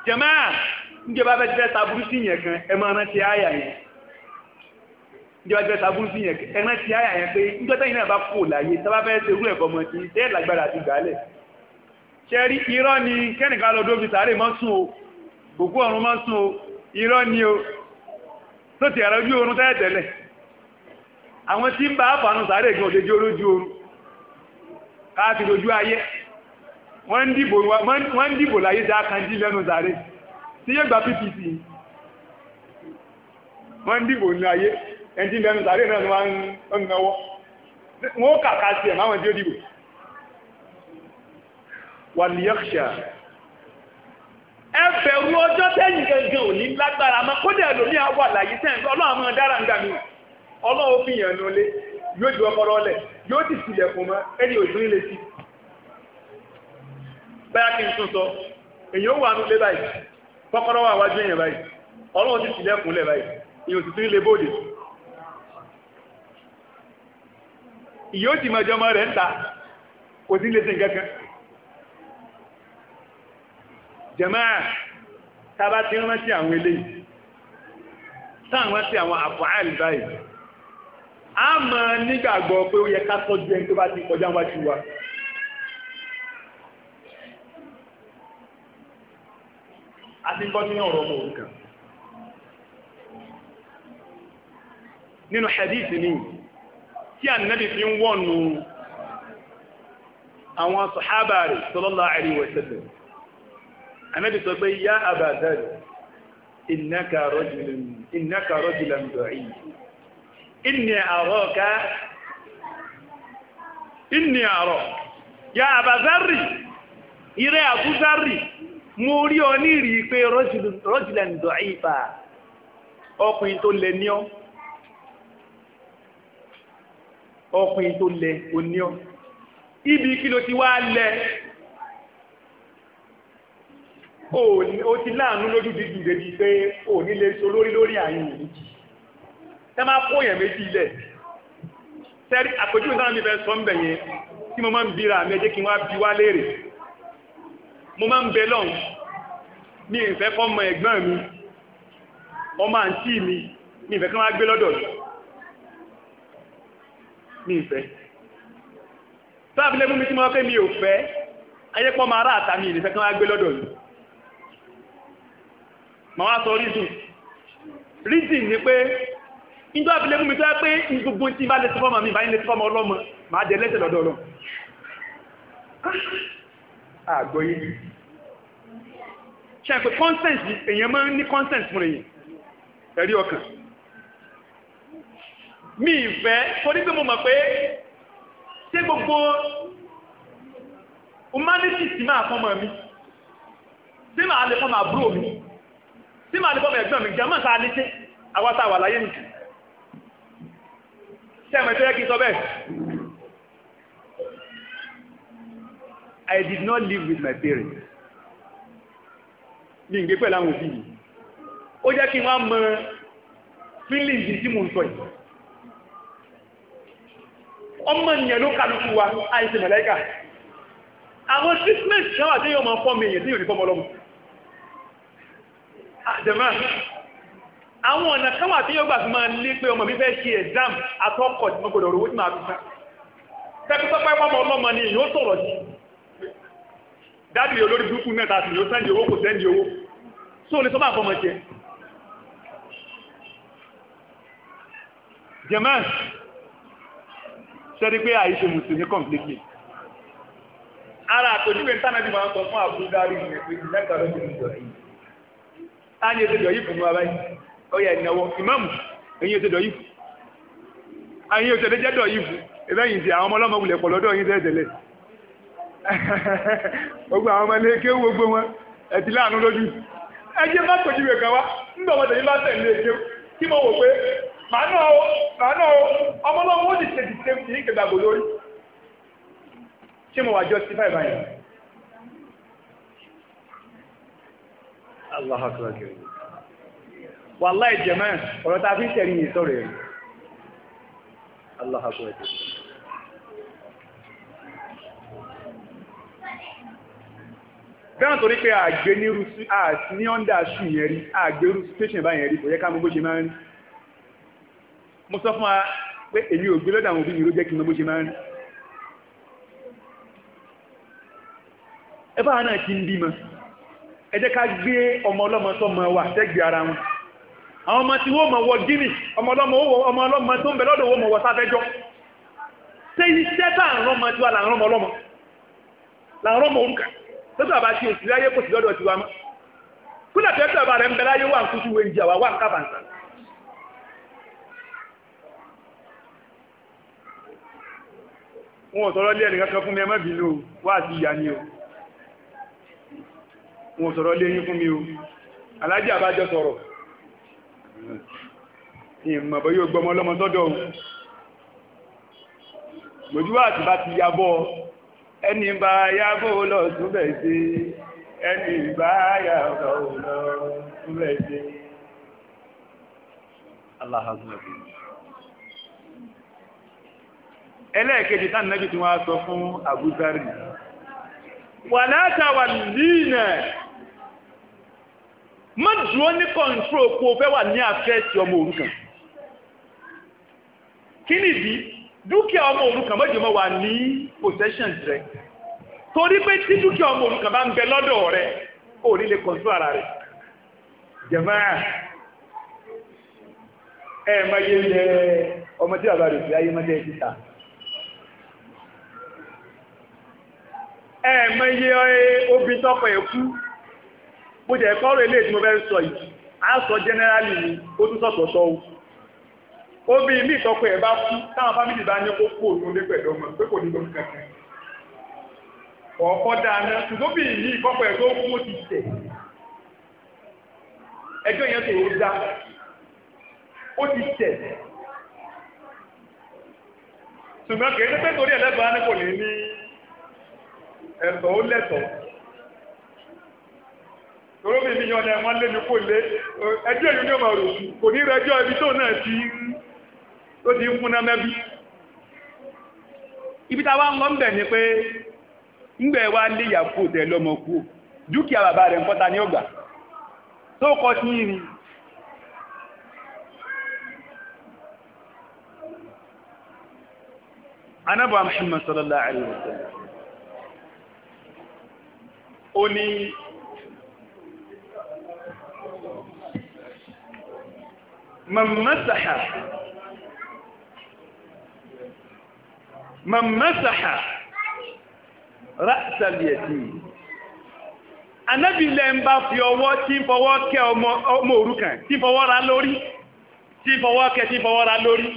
jẹ̀mọ́ níjẹ́ bá fẹ́ ti fẹ́ saburú sí yẹn gan ẹ máa rántí àyà yẹn níjẹ́ bá ti fẹ́ saburú sí yẹn ẹ rántí àyà yẹn pé níjọ́ tẹ́yìn náà bá kú láyé sábà irọ́ ni kẹ́nìkan lọ dóbi sàárè mọ́ sùn o òkú ọ̀run mọ́ sùn o irọ́ ni o tó ti ẹ̀rọ ojú oorun tẹ́lẹ̀ àwọn tí ń bá àfàànù sáré gan òdejì olójú oru káàkiri ojú ayé wọ́n ń dìbò láyé dá kanjí lẹ́nu sáré tí yóò gba ppt wọ́n ń dìbò ní ayé ẹni tí ń lẹ́nu sáré náà ni wọ́n ń náwó wọ́n kàkà sí ẹ̀ máwọn tí ó dìbò wà ní yọ́kṣà ẹ̀fẹ̀ ru ọjọ́ tẹ́yìn gangan ò lágbára mọ́ kódà ẹlòmíà wà láyé ọlọ́run dára ń gbà mí ọlọ́run fi yàn nulẹ̀ yóò ju ọkọ̀ rọlẹ̀ yóò ti sílẹ̀ fún mọ́ ẹni òjú nílé sí. báyà kí n tún sọ èyàn wà báyìí kọ́kọ́rọ́ wà wájú èèyàn báyìí ọlọ́run ti sílẹ̀ báyìí sì tún nílé bóde. ìyóò ti mọ rẹ̀ ń ta kò sí lè ti rántí àwọn eléyìí ti àwọn àfọ̀ báyìí. a máa nígbàgbọ́ pé ó yẹ ká tọ́jú ẹni tó bá ti kọjá wájú wa. a ti ń bọ́ nínú ọ̀rọ̀ ọmọ nínú hadith ni tí fi ń wọ̀nù àwọn sàhábà rẹ̀ sallallahu alaihi wasallam ànábì sọ pé yá inni aroka, inni aro. ya abazari, ìrẹ́ abuzari. mo rí ọ ní rí i pé rọ́jìlẹ̀ ń dọ̀ ìfà ọkùnrin tó lẹ ní ọ ọkùnrin ibi kí ló ti wá lẹ o ti láàánú lójú dídùn débi pé o ni le so lórí lórí àyìn ìjì tẹ́ máa kó yẹn méjì lẹ̀ sẹ́rí àpèjúwe náà mi fẹ́ sọ ń bẹ̀ yẹn tí mo máa ń bira mi ẹ jẹ́ kí n wá bi wá léèrè mo máa ń bẹ lọ́hùn mi ìfẹ́ kọ́ mọ ẹ̀gbọ́n mi ọmọ àǹtí mi mi ìfẹ́ kọ́ máa gbé lọ́dọ̀ mi mi ìfẹ́ sáàbì lẹ́mú mi tí mo fẹ́ mi ò fẹ́ ayépọ́ máa rà àtàmì ìfẹ́ kọ́ máa gbé lọ́dọ̀ mi màá wá sọ rídùn rídùn ni pé njọ́ àbílẹ̀ mú mi tó yẹ pé gbogbo tí bá lè ti fọ́mọ mi báyìí lè ti fọ́mọ ọlọ́mọ máa jẹ lẹ́sẹ̀ lọ́dọ̀ lọ. Ah! Ah, àgbọ̀ yìí ṣe àpè consent èèyàn máa ń ní consent fún èèyàn ẹ̀rí ọkàn mi ìfẹ́ torí pé mo mọ̀ pé ṣé gbogbo humanity ti máa fọ́mọ mi ṣé màá lè fọ́mọ àbúrò mi ṣé màá lè fọ́mọ ẹ̀gbọ́n mi jẹ́ mọ̀ sáà lè ṣe àwọn àtàwà láyé nìkan sẹ́mi tó yẹ kí n sọ bẹ́ẹ̀. I did not live with my parents. Ní ìgbé pẹ̀lú àwọn òbí yìí. Ó jẹ́ kí n wá mọ feelings yìí tí mo ń sọ yìí. Ọmọ ènìyàn ló kálukú wa, àìsàn mọ̀lẹ́kà. Àwọn treatment ṣáwà tí yóò máa fọ́ mi èèyàn tí yóò ní fọ́mọ lọ́mọ. Ah, Àjẹmọ́ àwọn ọ̀nà kan wà tí yóò gbà fi máa lé pé ọmọ mi fẹ́ ṣe exam atọ́kọ̀ tí mo gbọdọ̀ rówó tí màá fi san tẹkítọ́pẹ́ pọ́mọ ọlọ́mọ ni yóò sọ̀rọ̀ sí dáàbì olórí burúkú mẹ́ta sì yóò sẹ́ndì owó kò sẹ́ndì owó sóò lè sọ bá fọmọ jẹ jẹmọ́ sẹ́rí pé àìṣe mùsùlùmí kọ̀m̀plékì ara àtòjúwe ntánẹ́tì máa ń sọ fún àbúrú dárí ìrìn ẹ̀pẹ́ ìlẹ́kọ̀ọ́ lọ́jọ́ ìjọ yìí ọyà ìnáwó ìmáàmù ẹ̀yin ètò dọ̀yìfù ẹ̀yin ètò ẹ̀jẹ̀ dọ̀yìfù ìbẹ́yìn ti àwọn ọmọ wulẹ̀ pọ̀ lọ́dọ̀ yín gbogbo àwọn ọmọ ilé kéwú gbogbo wọn láàánú lójú bá rẹ̀ nígbà wọn tẹ̀yìn bá tẹ̀lé kí mo wò pé màá náà màá náà wàláì jẹ̀mọ́ ọ̀rọ̀ tá a fi ń tẹ̀lé yìí sọ̀rọ̀ ẹ̀rí aláhàbọ̀ ẹ̀jẹ̀. bẹ́ẹ̀ torí pé àgbé ní rúsí àti ní ọ́ndà ṣù yẹn rí àgbé rúsí tẹ́sán báyẹn rí kò yẹ ká ṣe máa ń rí mo sọ fún wa pé èmi ò gbé àwọn òbí mi ló jẹ́ kí ṣe máa ń rí ẹ náà ti ń gbé ọmọ ọlọ́mọ sọ́mọ sẹ́gbẹ̀ẹ́ ara wọn àwọn ọmọ tí wọ́n mọ̀ wọ gíní ọmọ ọlọ́mọ tó ń bẹ lọ́dọ̀ wọ́n mọ̀ wọ sáfẹ́jọ́ ṣé iṣẹ́ tá à ń rọ́mọ tiwa là ń rọ́mọ ọlọ́mọ là ń rọ́mọ orúkà lọ́dọ̀ àbá ti òsì láyé kò sí lọ́dọ̀ tiwa mọ́ kúlẹ̀ tẹ́ tẹ́ bá rẹ̀ ń bẹ láyé wà ń kútu wẹ̀ ń jẹ àwa wà ń kábàǹsà. wọn ò sọ̀rọ̀ lé ẹnì kankan fún mi ẹ má bínú o wá sí ìyá ni o wọn ò sọ̀rọ̀ lé yín fún mi o alájà àbájọ sọ̀rọ̀ ìmọ̀ bọ́ yóò gbọmọ ọlọ́mọ tọ́jọ́ o lójúwà tí bá ti yabọ́ ẹni bá yabọ́ lọ túbẹ̀ sí ẹni bá yabọ́ lọ túbẹ̀ sí. ẹlẹ́ẹ̀kejì táwọn nẹ́bí tí wọ́n á sọ fún Abu Dharr wàlátà wà má dúró ní kọ̀ǹtró kó o fẹ́ wà ní àfẹ́ẹ̀tì ọmọ òrukàn kí nìdí dúkìá ọmọ òrukàn mọ́jọ́ mọ́ wà ní possession rẹ torí pé tí dúkìá ọmọ òrukàn bá ń bẹ lọ́dọ̀ rẹ ò ní lè kọ̀ǹtró ara rẹ jẹ̀máà ẹ má yé yẹ ọmọ tí bàbá rẹ fi ayé má jẹ́ títà ẹ má yé obìnrin tọkọ ẹ kú mo jẹ́ kọ́rọ̀ ilé tí mo fẹ́ sọ yìí a sọ jẹ́nẹ́rálì ni ó tún sọ̀tọ̀ọ̀tọ̀ o obi ilé ìtọ́kọ ẹ̀ bá kú táwọn fámìlì bá ní kó kú òun lé pẹ̀lú ọmọ pé kò ní lórí kankan ọ̀kọ́ dáná ṣùgbọ́n bí ìlú ìkọ́kọ̀ ẹ̀ tó kú ó ti tẹ̀ ẹjọ́ yẹn tó dá ó ti tẹ̀ ṣùgbọ́n kì í ṣe pé torí ẹ̀lẹ́gbẹ̀ẹ́ ni kò ní ní ẹ̀tọ́ ó lẹ́tọ̀ọ́ tòró mi níyan ni ẹ̀wọ̀n lé mi kò lé ẹjọ́ èyí ni ó máa rò kò ní rẹjọ́ ibi tó náà ti ń tó ti ń fúnná mẹ́bí. ibi táwa ń lọ ń bẹ̀ ni pé ńgbẹ́ wa lé ìyàpò tẹ̀ lọ́mọ kú dúkìá bàbá rẹ̀ ńkọ́ta ní ọgbà tó kọ́ sí yìí ni. anábọ̀ sallallahu alaihi wasallam ó ممسح ممسح رأس anábìlẹ̀ ń bá fi ọwọ́ tí ń fọwọ́ kẹ ọmọ òrukàn tí ń fọwọ́ ra lórí tí ń fọwọ́ kẹ tí ń fọwọ́ ra lórí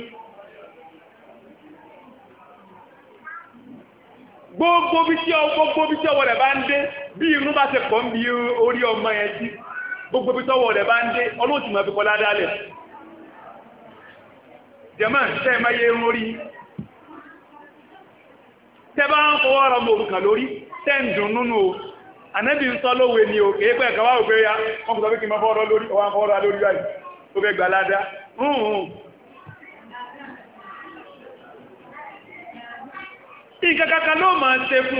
gbogbo bí tí gbogbo bí tí ọwọ́ rẹ̀ bá ń dé bí irun bá ṣe pọ̀ ń bi orí ọmọ yẹn sí gbogbo bí tí ọwọ́ rẹ̀ bá ń dé ọlọ́ọ̀tì mọ̀ fi kọ́ ládàá lẹ̀. jẹ́mọ́ ṣẹ́ máa yẹ irun orí ń fọwọ́ ọ̀rọ̀ mọ̀ lórí tẹ́ nínú o ń sọ lówe ni o kèé pẹ́ ya wọ́n kò sọ pé kí n máa fọwọ́ lórí ọwọ́ fọwọ́ lórí báyìí tó fẹ́ gbà ládá nǹkan kankan ló máa ń ṣe fún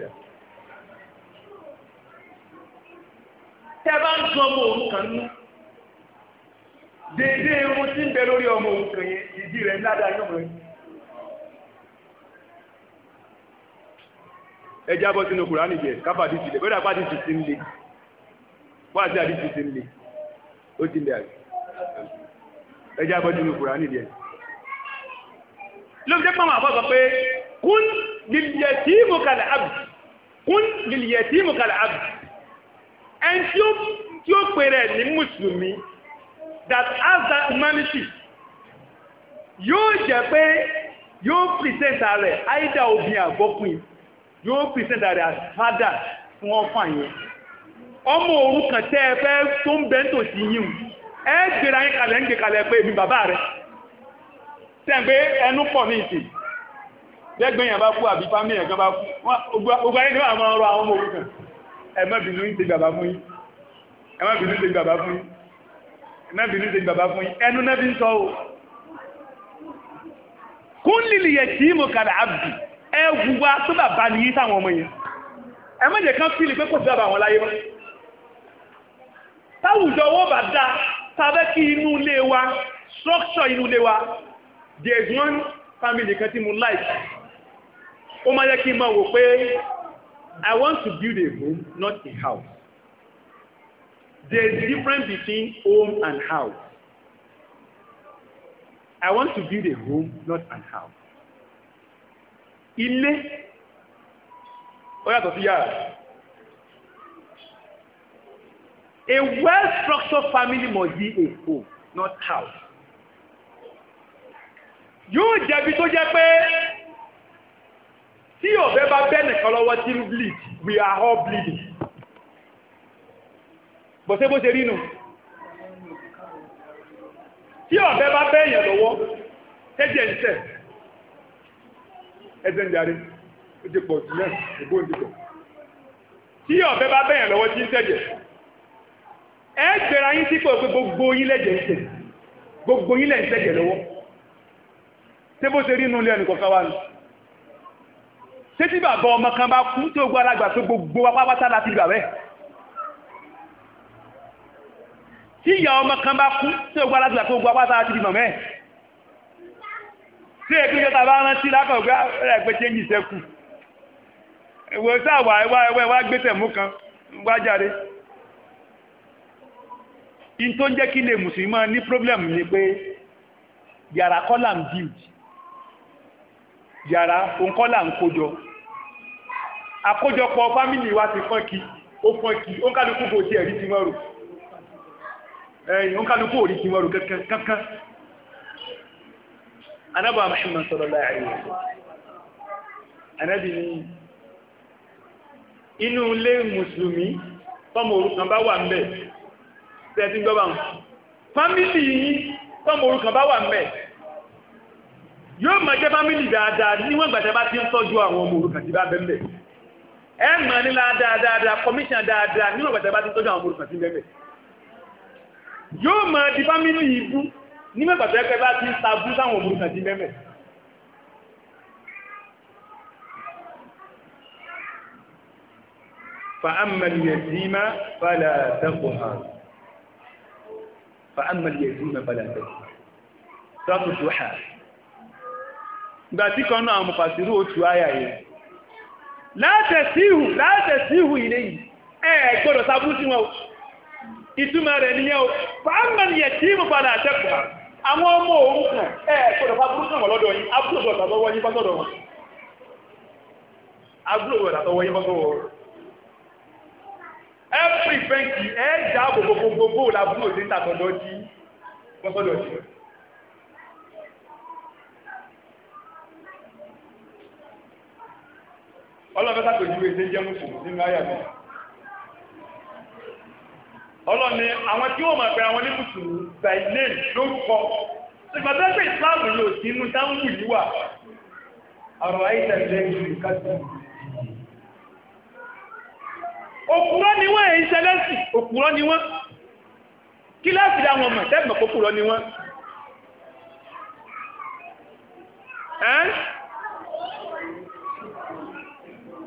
wà tẹ́ bá ń tún ọmọ òun kan nú dédé irun tí ń bẹ lórí ọmọ òun kan yẹn ìdí rẹ̀ ńlá dáa yọmọ rẹ̀. ẹ jábọ́ sínú kùránì jẹ káfà ti ti lè bẹ́ẹ̀ dàgbà ti ti ti ń le wá sí àdìsí ti ń le ó ti lè àgbẹ̀ ẹ jábọ́ sínú kùránì jẹ. ló ń jẹ́ àbọ̀ pé kún lìlìyẹ̀tì mú kàlà àbù kún lìlìyẹ̀tì mú kàlà àbù. And tí you tí ó pè rẹ̀ ní that has that humanity you jẹ́ pé you present rẹ̀ either obìnrin àgbọ́kùnrin you present rẹ̀ as father fún ọ̀fà yẹn ọmọ òrukàn tẹ́ ẹ fẹ́ tó ń bẹ́ ń tòsí yín ẹ gbéra yín kalẹ̀ ń gbé kalẹ̀ pé èmi bàbá rẹ̀ sẹ́ǹgbé ẹnu pọ̀ ní ìsìn lẹ́gbẹ̀ẹ́ yẹn bá kú àbí fámìlì yẹn kan bá kú ogun ayé ni wọ́n àwọn ọ̀rọ̀ àwọn ọmọ òrukàn ẹ má bínú ń ṣe bàbá fún yín ẹ má bínú ń ṣe bàbá fún yín ẹ má bínú ń ṣe bàbá fún yín ẹnu náà fi ń sọ o. kúnlìlì yẹ tí mo kàdà àbì ẹ wùwá tó bàbá nìyí sáwọn ọmọ yẹn ẹ má jẹ kán fílì pé kò sí bàbá láyé mọ́. táwùjọ owó bá dá tàbẹ́ kí inú ilé wa structure inú ilé wa there is one family kan tí mo like ó máa yẹ kí n máa wò pé I want to build a home, not a house. There is a difference between home and house. I want to build a home, not a house. Ilé ó yàtọ̀ sí A well-structured family must be a home, not house. Yóò jẹ̀bi tó jẹ́ pé tí ọ̀bẹ bá bẹ́ nìkan lọ́wọ́ tí ń bleed we are all bleeding bọ̀sẹ̀ bó ṣe rí nu tí ọ̀bẹ bá bẹ́ èèyàn lọ́wọ́ ẹ̀jẹ̀ ń tẹ̀ ẹ̀jẹ̀ ń darí ó ti pọ̀ jù náà ẹ̀gbọ́n ti pọ̀ tí ọ̀bẹ bá bẹ́ èèyàn lọ́wọ́ tí ń tẹ̀jẹ̀ ẹ gbéra yín sípò pé gbogbo yín lẹ́jẹ̀ ń tẹ̀ gbogbo yín lẹ́jẹ̀ lọ́wọ́ ṣé bó ṣe rí nu lẹ́nu kọ̀ọ̀kan wá ni ṣé tí bàbá ọmọ kan bá kú tó gbọ́ alágbà tó gbogbo wa pátá láti gbà bẹ́ẹ̀ tí ìyá ọmọ kan bá kú tó gbọ́ alágbà tó gbogbo wa pátá láti gbà bẹ́ẹ̀ tí èkú yóò tàbá rántí lákọ̀ọ́gbá ẹgbẹ́ tí èyí sẹ́kù ìwò sáàwà ẹwà ẹwà gbẹ́sẹ̀ mú kan wá jáde in tó ń jẹ́ kí lè mùsùlùmí ní problem ni pé yàrá kọ́là ń build yàrá òǹkọ́là ń kójọ àkójọpọ̀ fámìlì wa ti fọ́n kí ó fọ́n kí ó ń kálukú kò tí ẹ̀rí ti wọ́n rò ẹ̀yìn ó ń kálukú ò rí ti wọ́n rò kankan anábà Muhammad sallallahu alaihi wasallam anábì ní inú ilé mùsùlùmí tọ́mọ òrukàn bá wà ńbẹ̀ tẹ́tí gbọ́ bá ń fámìlì yìí tọ́mọ òrukàn bá wà ńbẹ̀ yóò máa jẹ́ fámìlì dáadáa níwọ̀n ìgbà tẹ́ bá ti ń tọ́jú àwọn ọmọ òrukàn tí bá bẹ́ẹ̀ bẹ́ẹ̀ ẹ mọ̀ nílá dáadáa kọmíṣàn dáadáa nínú ọ̀gbẹ̀tẹ̀ bá ti tọ́jú àwọn olùkọ́ sí mẹ́mẹ́ yóò mọ̀ dìbá mínú yìí bú nígbà gbàtọ́ ẹgbẹ́ bá ti ń bú sáwọn olùkọ́ sí mẹ́mẹ́ فأما اليتيم فلا تقهر فأما اليتيم فلا تقهر سورة الضحى gbàtí kan náà mo fàṣírù oṣù àyà yìí látẹ̀síhù látẹ̀síhù ilé yìí ẹ gbọ́dọ̀ sábú sí wọn o ìtumọ̀ rẹ̀ nìyẹn o fàámàn yẹ tí mo padà àtẹ́kùn àwọn ọmọ òun kan ẹ sábú sí wọn lọ́dọ̀ yín abúlé ọ̀tà yín bá wọn gbogbogbò làbúrò sí ọlọ́fẹ́ sàpèjúwe ṣe ń jẹ́ mùsù nínú àyà mi ọlọ́ni àwọn tí wọ́n máa pẹ àwọn ní mùsù by name lórúkọ ṣùgbọ́n tó ń pè Islam yìí ò sí inú táwùn yìí wà ọ̀rọ̀ àyíṣà ìlẹ̀ ìlú kásìmù òkúrọ́ ni wọ́n èyí ṣẹlẹ́sì òkúrọ́ ni wọ́n kíláàsì làwọn mọ̀ tẹ́gbọ̀n kókúrọ́ ni wọ́n.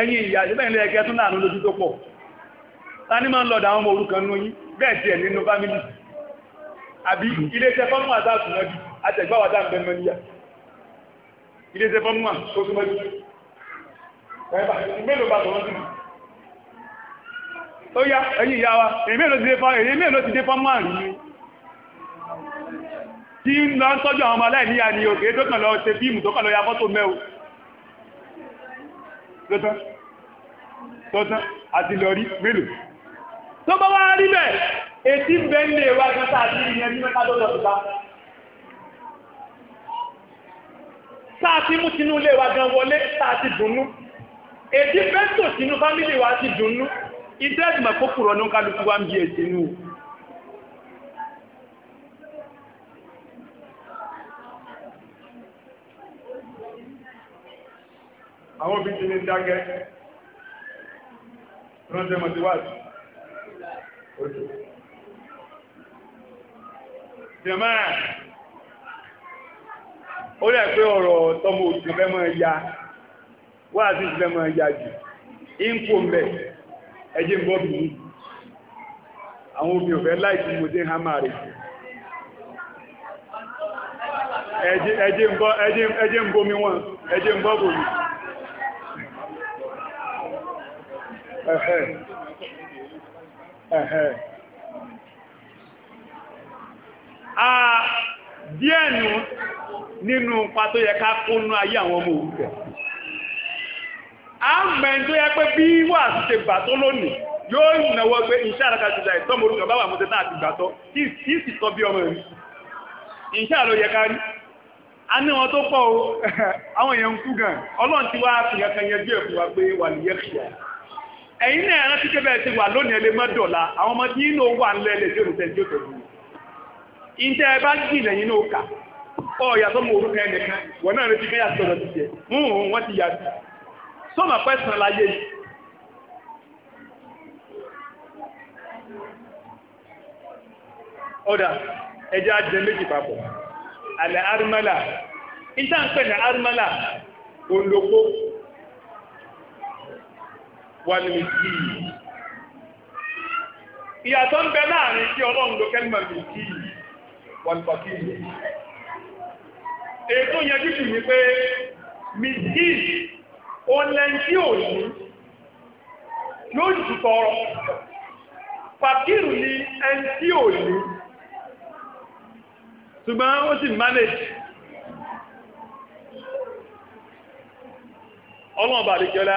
ẹ̀yin ìyá ìbẹ̀yìn lẹ́ẹ̀kẹ́ tún láàánú lójú tó pọ̀ ta ní máa ń lọ́dà àwọn ọmọ òrukàn nínú yín bẹ́ẹ̀ tiẹ̀ nínú fámìlì àbí iléeṣẹ́ fọ́nmù àtàkù mọ́jú àtẹ̀gbáwà dá nbẹ mọ́ níyà iléeṣẹ́ fọ́nmù àtòkù mọ́jú mélòó bá tọ̀wọ́n sí ó yá ẹ̀yin ìyá wa èyí mélòó ti dé fọ́nmù àrùn ni tí ń lọ ń tọ́jú àwọn ọmọ aláìníyà ni òkè tó kàn lọ ṣe fíìmù tó kàn lọ ya fọ́tò mẹ́wòó tọ́tán tọ́tán àti lọ́rí mélòó tó bá wá rí bẹ́ẹ̀ ètí bẹ́ẹ̀lẹ̀ wá gátà àti ìyẹn ní mẹ́ta lọ́dọ̀ tó bá sáà tí mú tinú ilé wa gan wọlé sáà ti dùnnú ètí bẹ́ẹ̀tò tinú fámìlì wa ti dùnnú ìdẹ́gbẹ̀mọ̀ kókùrọ̀ ní kálukú wa ń bí ètí nù àwọn òbí ti ní dágẹ́ ránṣẹ́ mọ̀ sí wáàtí òjò jẹ̀mọ́ ó rẹ̀ pé ọ̀rọ̀ tọmọ òjò fẹ́ mọ́ ya wáàtí fẹ́ mọ́ ya jù ínkò mẹ́ ẹjẹ́ ń bọ́ bí i àwọn obì òfẹ́ láìsí mo dé hámà rẹ̀ ẹjẹ́ ń bọ́ mi wọn ẹjẹ́ ń bọ́ bò mi. díẹ̀ nù nínú pa tó yẹ ká kónú ayé àwọn ọmọ òwúrọ̀ a ń mẹ́ tó yẹ pé bí wà ṣe gbà tó lónìí yóò nàwọ́ pé iṣẹ́ àràkà ti dà ìtọ́mọ̀ orúkọ bá wà mú tẹ́tà àti gbàtọ́ kí sì tọ́ bí ọmọ rí àlọ́ yẹ ká rí a ní wọn tó pọ̀ o àwọn èèyàn ń kú gan ẹ̀yin náà rántí pé bẹ́ẹ̀ ti wà lónìí ẹlẹ́ mọ́dọ̀la àwọn ọmọ inú wà ńlẹ̀ lè dérò tẹ̀ tí ó tẹ̀lé ìtẹ́ ẹ bá jì lẹ́yìn náà kà ọ yàtọ̀ mọ orúkọ wọn náà rántí pé ti jẹ wọn ti láyé yìí. ọ̀dà méjì papọ̀ àlẹ́ arúmọ́là arúmọ́là wàlìmìtì ìyàtọ̀ ń bẹ láàrin tí ọlọ́run ló kẹ́lìmọ̀ mìtì wàlìpàkì ètò yẹn jùlọ ní pé mìtì ọ̀lẹ́ntì òní lójú tọrọ pàkìrù ni ẹni tí òní ṣùgbọ́n ó sì manage ọlọ́run bàdìkẹ́lá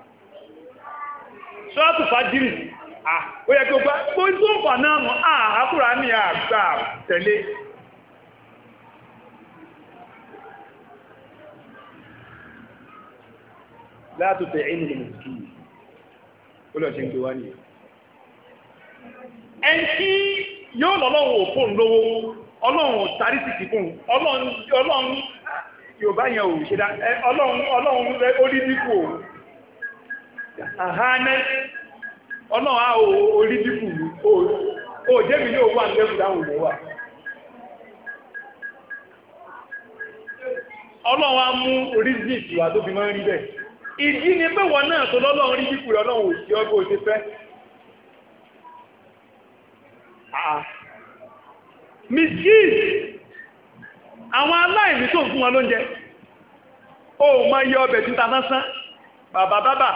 ṣọ́ọ̀tù fàájìrì ó yẹ kí o gbá kó tó ń náà mọ́ àhàkùrà ní àgbà tẹ̀lé. láti tẹ̀ ẹ́ ó lọ ṣe ń gbé wá ẹn tí yóò lọ́lọ́run ò lówó ọlọ́run tarí sí ti fóun ọlọ́run yorùbá yẹn ṣe dá ọlọ́run rẹ ó rí àhánẹ́ ọlọ́wà orí dípù ó jẹ́mi ní owó àgbẹ̀kù dáhùn lọ́wà ọlọ́wà mú orí dípù ọ tó fi máa ń rí bẹ́ẹ̀ ìdí ni pé wọ́n náà tó lọ́lọ́ orí dípù rẹ̀ ọlọ́wà òsì ọgbọ́ òsì fẹ́ ah. mischief àwọn aláìní tó ń fún wọn lóúnjẹ ó máa yọ ọbẹ̀ títa lásán bàbá bàbá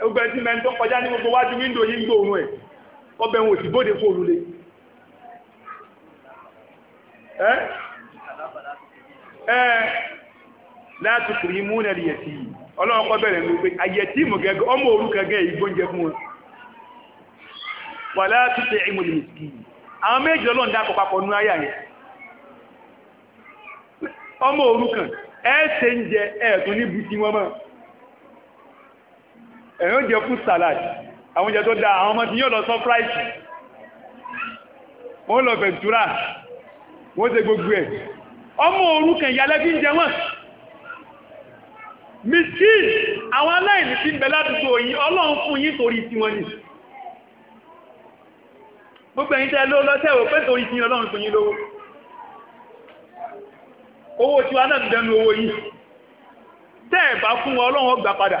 ẹgbẹ́ tí mẹ́rin tó kọjá ní gbogbo wájú wíńdò yìí ń gbòòrùn ẹ̀ ọbẹ̀ wọn ò sì bóde fún olùlé. ẹ ẹ láti kùrì mú nẹ́ẹ̀lì yẹtì yìí ọlọ́run kọ́ ló pé mú ọmọ òru yìí gbóúnjẹ fún wọn. àwọn méjì nú ayà yẹn ọmọ òru kan ẹ̀yin ó jẹ fruit salad àwọn oúnjẹ tó dáa àwọn ọmọ yóò lọ surprise wọ́n lọ ventura wọ́n ṣe gbogbo ẹ̀ ọmọ òrukàn ìyálẹ́ fi ń jẹ wọ́n mìtí àwọn aláìní tí ń bẹ yìí ọlọ́run fún yín torí tí wọ́n ní gbogbo ẹ̀yin tẹ́ ló lọ́sẹ̀ pé torí tí ọlọ́run fún yín lówó owó tiwa náà ti dẹnu owó yìí tẹ́ bá fún ọlọ́run ó padà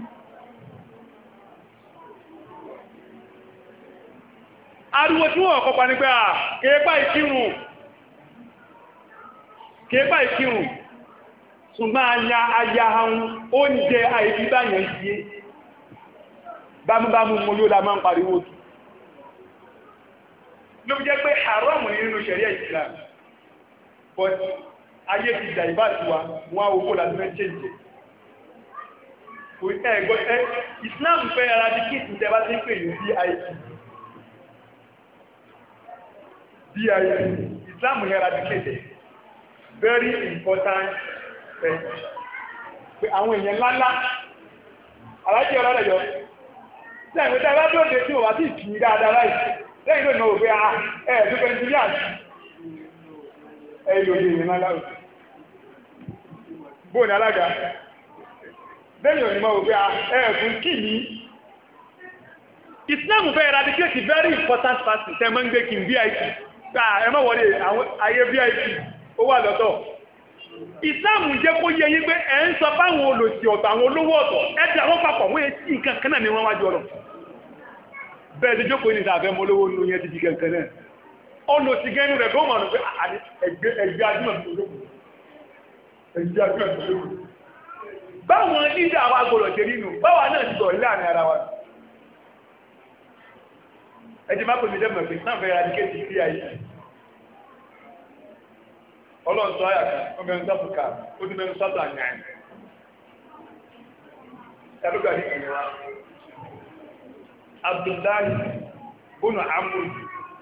ariwo tí wọ́n kọ́pa ní pé à kéèpá ìkírun kéèpá ìkírun ṣùgbọ́n aya aya ahun oúnjẹ àìbí báyàn yíé bámúbámú mo ló la máa ń pariwo jù ló fi jẹ́ pé haram ní nínú ṣẹ̀ríà Islam but ayé ti dà ìbá tiwa wọn àwọn owó láti fẹ́ ṣèǹjẹ Islam fẹ́ ara di kí ìtìjẹba ti ń pè ní cip DIP. Islam eradicated. Very important thing. àwọn èèyàn ńláńlá, yọ. Sẹ́yìn pé táwọn lóde tí wọ́n wá sí ìkì dáadáa láì. Lẹ́yìn lónìí wò pé a ẹ̀ ẹ̀ ní yíyá. Ẹ yóò di èèyàn ńláńlá o. Bóòni alága. Lẹ́yìn òní ah, fẹ́ eradicate very important person tẹ́ VIP. gbà ẹ má wọlé àwọn ayé vip ó wà lọ́tọ̀ ìsáàmù jẹ́ kó yẹ yín pé ẹ̀ ń sọ báwọn olòsì ọ̀tọ̀ àwọn olówó ọ̀tọ̀ ẹ̀ dà wọ́n papọ̀ wọ́n yẹ sí nǹkan kan náà ní wọ́n wájú ọ̀rọ̀ bẹ́ẹ̀ ni jókòó ní ìdàfẹ́ mọ olówó nínú yẹn ti di kankan náà olòsì gẹ́nu rẹ̀ gbọ́n mọ̀nà pé ah, ẹgbẹ́ adúmọ̀ ẹgbẹ́ adúmọ̀ báwọn lídà wa gbọ́dọ̀ ṣe nínú báwa náà ti sọ̀rọ̀ ẹtì má pèmí dẹ́mọ̀ pé náà fẹ́ẹ́ radicate ilé ayé ọlọ́run sọ àyàkà ó mẹ́rin sọ́ọ̀tù ká ó ti mẹ́rin sọ́ọ̀tù àyàn ẹlúgbà ní ìyẹn Abdullahi bùnú amúlù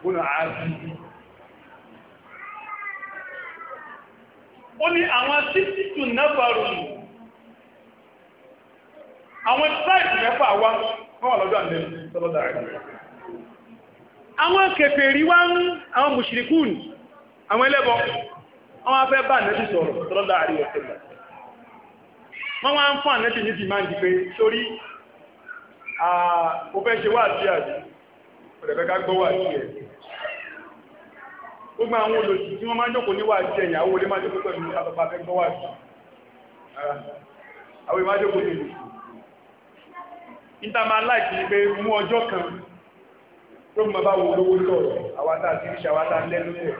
bùnú àásì. ó ní àwọn títí tù náfàrù àwọn tíráìtì mẹ́fà wá wọ́n wà lọ́jọ́ àndẹ́nu tọ́lọ́dà rẹ̀ àwọn kèfèrí wá ń àwọn mùṣìríkùn àwọn ẹlẹ́bọ wọ́n wá fẹ́ bá ànẹ́tì sọ̀rọ̀ tọ́lọ́dà àríwọ̀ tẹ́lẹ̀ wọ́n wá ń fún ànẹ́tì ní dìmáǹdì pé sórí ó fẹ́ ṣe wáàtí àti ọ̀dẹ̀fẹ́ ká gbọ́ wáàtí ẹ̀ gbogbo àwọn olòṣì tí wọ́n máa tó mọ bá wo olówó sọ̀rọ̀ àwa tá a ti ń ṣe àwa tá a lẹ́nu ẹ̀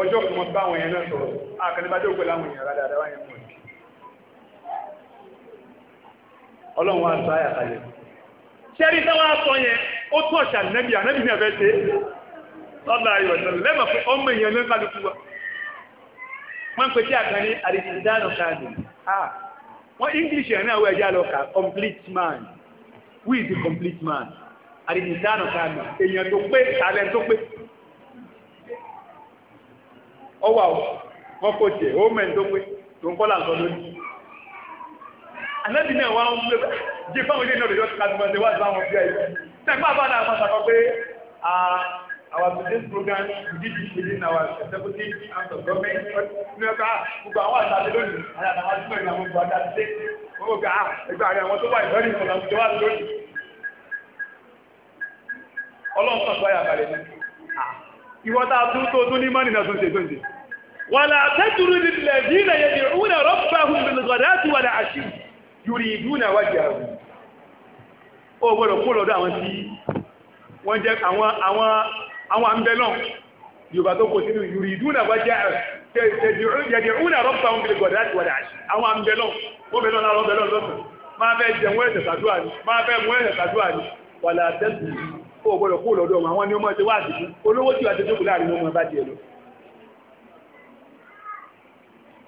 ọjọ́ kan wọn bá àwọn yẹn náà sọ̀rọ̀ àkànníbàdé òpè láwọn èèyàn rádà àdáwà yẹn mọ̀ ọlọ́run wa sọ àyà kalẹ̀. sẹ́rí náà wàá sọ yẹn ó tún ọ̀ṣà nẹ́bí ànẹ́bí ní ẹ̀fẹ́ ṣe ọ̀là ayọ̀ ìṣẹ̀lẹ̀ lẹ́mọ̀ pé ọmọ èèyàn ló kálukú wa. wọ́n pe tí àkànní àdìsídánù káàdì English yẹn náà wọ complete man who is the complete man àdìdìdánù kàmì èèyàn tó pé tàbẹ́ tó pé ọwà kọ́kọ́ tiẹ̀ ó mẹ́rin tó pé tó ń kọ́ làǹtọ́ lónìí àlẹ́bí náà wá ń pè jẹ́ fáwọn ilé náà lè yọ̀ọ́ kàdùmọ̀ ṣe wá láwọn bí i tẹ́gbà bá náà máa sàkọ́ pé ah, our today's program we did this within our executive and the government mẹ́ta gbogbo àwọn àtàlẹ́ lónìí àyàtàwọn àdúgbò ìlànà gbogbo àtàlẹ́ gbogbo àwọn ẹgbẹ́ àwọn tó wà ìlọrin ìfọ̀nà ìjọba lónìí ọlọ́run kan gbáyà balẹ̀ ní. ìwọ tá a tún tó tún ní mọ́nì náà tún ṣe gbèǹde. wàlà tẹ́tùrú ní lẹ́dínà yẹn ni òun náà tó kó sínú yorì ìdú náà wájú àwọn yẹ̀dìrún náà rọ́pà hùn mi lọ́dọ̀ láti wàlà jẹun ẹ̀sẹ̀ sàdúrà ni máa bẹ́ẹ̀ ó gbọ́dọ̀ kó lọ́dọ̀ wọn àwọn ni ọmọ ti wá àdìsí olówó tí wàá ti dókòó láàrin ọmọ bá tiẹ̀ lọ.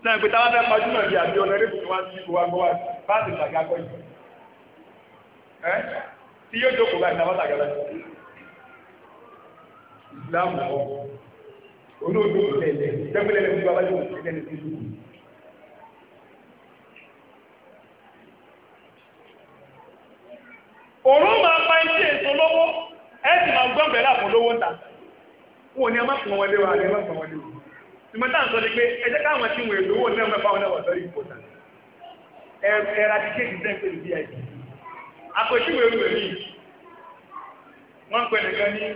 náà ìpè táwọn fẹ́ pàṣẹ náà di àbí ọ̀nà eré tuntun wá sí ipò wa gbọ́wá bá ti tàgé akọ yìí. ẹ tí yóò dókòó báyìí táwọn tàgé láti. ìsìlámù ọ̀ olóòdó kò tẹ̀lé dẹ́gbẹ́lẹ́ lẹ́nu bàbá yóò tẹ̀lé lẹ́nu tó òrùn máa pa iṣẹ́ èso lọ́wọ́ e sì máa gbọ́ bẹ̀rẹ̀ àpò lówó ńta wọn ò ní ọmọ pọ̀ wọlé wa ní pọ̀ wọlé ń sọ ni pé ẹ káwọn tí wọn èlò owó mẹ́fà wọn náà wà sọ́rí ìpòtà ẹ ẹ ti kéèkì sẹ́ń pẹ̀lú vip àpèjú wẹ̀ wẹ̀ wọ́n pẹ̀ nìkan ní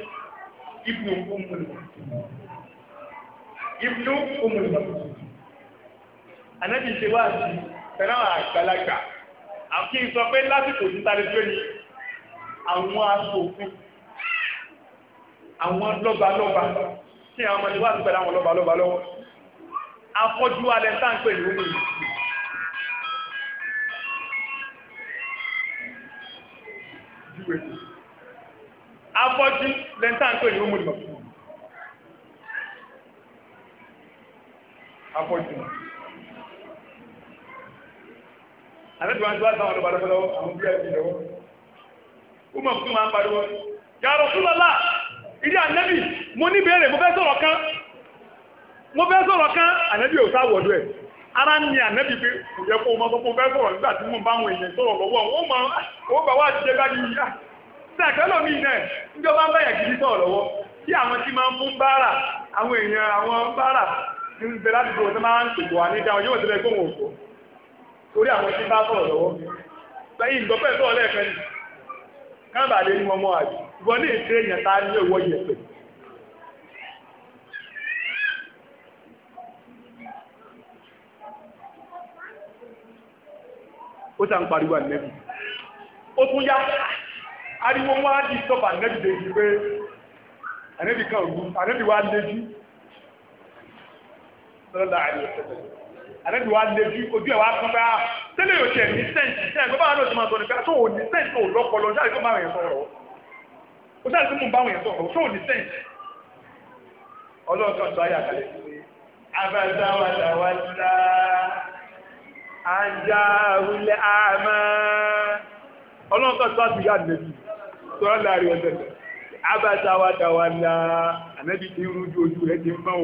ṣe wá sí àwọn lọ́balọ́ba tí àwọn ọmọdé wà nípa àwọn lọ́balọ́ba lọ́wọ́ afọ́jú alẹ́ tá à ń pè ní omi. afọ́jú lẹ́ńtà ń pè ní omi lọ́wọ́. afọ́jú. àlejò àwọn ìjọba táwọn ọ̀dọ́ balẹ̀ lọ́wọ́ àwọn bí ẹ̀ ń lọ́wọ́. ó mọ̀ fún wa ń pariwo yàrá òkú lọ́la. ìrí ànẹ́bì mo ní mo fẹ́ sọ̀rọ̀ kan kan ànẹ́bì ò ara ní ànẹ́bì pé kò yẹ kó o máa sọ pé o fẹ́ sọ̀rọ̀ nígbà tí mo bá àwọn èèyàn sọ̀rọ̀ lọ́wọ́ ó máa ó bá wá jẹ bá yìí yá náà ń gidi sọ̀rọ̀ lọ́wọ́ tí àwọn tí máa ń àwọn èèyàn àwọn ń bẹ láti máa ń ìwọ ní ìdílé yẹn tá a ní ìwọ yẹn pè. ó sàn pariwo ànẹ́bí ó tún yá ariwo wọn á di sọ́ọ̀bù ànẹ́bí lèyí pé ànẹ́bí kan ògùn ànẹ́bí wa léjú lọ́dọ̀ àríwọ̀ tẹ̀lé àlejò wa lebi ojú ẹ̀ wá kán bá ah, tẹ́lẹ̀ yóò tẹ̀ ní sẹ́ǹtì sẹ́ǹtì bàbá wa náà ti máa sọ nípa tó o ní sẹ́ǹtì tó o lọ́pọ̀lọ́ jáde tó máa rìn sọ̀rọ̀. ó sáà tí mo bá wọn yẹn sọ̀rọ̀ ṣó ní sẹ́ǹsì ọlọ́ọ̀kan tó ayé àkàlẹ́ sí àmà ọlọ́ọ̀kan tó àti ìyá àdìlẹ́bí tó láàrin ọ̀sẹ̀ tẹ̀ abadáwadáwadá ti ń ojú ti ń pọ́n o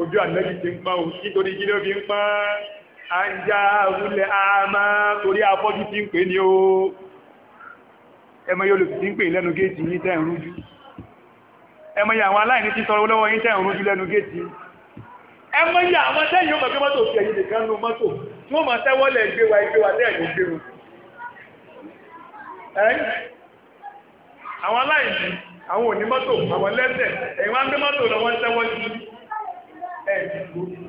ojú ti ń pọ́n o nítorí kí ló fi ń pọ́n àmà torí afọ́jú ti ń pè ní o. ẹmọ yóò lòdì tí ń pè lẹ́nu géètì yín tẹ́ ń rújú ẹmọ yà àwọn aláìní tí tọrọ lọ́wọ́ yín tẹ́ ń rújú lẹ́nu géètì ẹmọ yà àwọn tẹ́yìn ọmọ gbé mọ́tò fi ẹ̀yìn nìkan nu mọ́tò tí wọ́n máa tẹ́wọ́lẹ̀ gbé wa gbé wa tẹ́yìn gbé wọn. àwọn aláìní àwọn òní mọ́tò àwọn lẹ́sẹ̀ ẹ̀yìn wọn gbé mọ́tò lọ́wọ́ tẹ́wọ́ sí ẹ̀yìn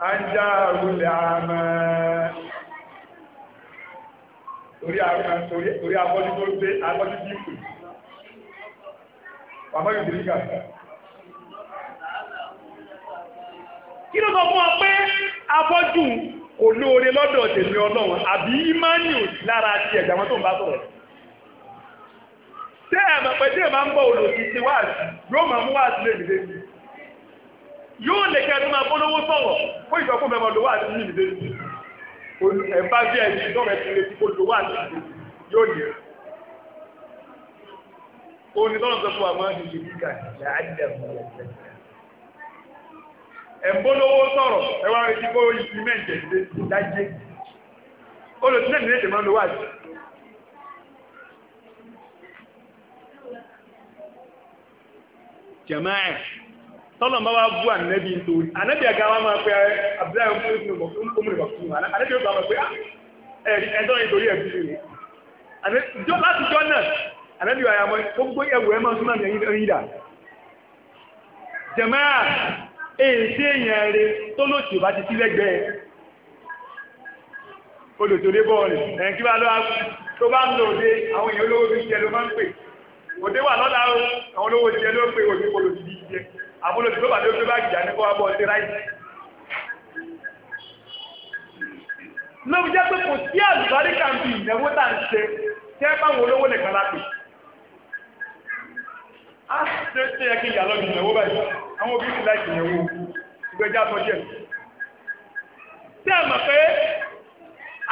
أنجاه orí abọ́dí tó gbé abọ́dí tí kù bàbá yóò dìrí kà. kí ló sọ fún ọ pé afọ́jú kò lóore lọ́dọ̀ tèmi ọlọ́run àbí ìmánì ò sí lára ti ẹ̀jẹ̀ àwọn tó ń bá sọ̀rọ̀ tẹ́ ẹ̀ mọ̀ pé tí ẹ̀ máa ń bọ̀ olòṣì ti wáàsì yóò máa mú wáàsì lè dìde yóò lè kẹ́ ẹ̀ tó máa sọ̀rọ̀ fún ìjọkùn mẹ́mọ́ lówó àti yìí dìde ẹ̀bá bí ẹ̀mí lọ́rọ̀ ẹ̀sìn lè ti kó lò wà nílùú yóò yẹ. Òun ni lọ́rọ̀ sọ fún wa máa ń dìde kíkà láàdàmú ẹ̀sẹ̀. Ẹ̀mbólówó sọ̀rọ̀ ẹ wá retí kó yìí mẹ́jẹ̀ lé lájé. Olùsílẹ̀ nílé ìdè máa ń lo wáàdì. Jẹ̀máà tọ́lọ̀ bá wá bú ànábì nítorí ànábì àga wa máa pe abdullahi omúlẹ̀ bàkúrú ànábì ó bá máa pe ah, ẹ̀dọ́ nítorí ẹ̀bí rẹ̀ láti jọ náà ànábì wa yàmọ́ gbogbo ẹ̀wù ẹ̀ máa súnmọ́ àmì ẹ̀yìn dà jẹ̀mọ́ èsì èèyàn rẹ̀ tó lòsì bá ti sí lẹ́gbẹ̀ẹ́ olùtòdé bọ́ọ̀lù ẹ̀ kí wá lọ́wọ́ tó bá ń lò dé àwọn èèyàn olówó fi jẹ ló máa ń pè òde wà lọ́la àwọn olówó jẹ ló pè òde olùdíje àwọn olùdókòwò àti olùdókòwò àjìjà ní kó wá bọ̀ ọ́ sí ráì. lóbi jẹ́ pé kò sí àlùbáríkà ń bi ìnáwó tá à ń ṣe tẹ́ báwọn olówó nìkan lápè. a ṣe ṣe yẹ kí ìyàlọ́ mi ìnáwó báyìí àwọn òbí mi láì ìnáwó ìgbẹ́jà tó jẹ́. tí a mọ̀ pé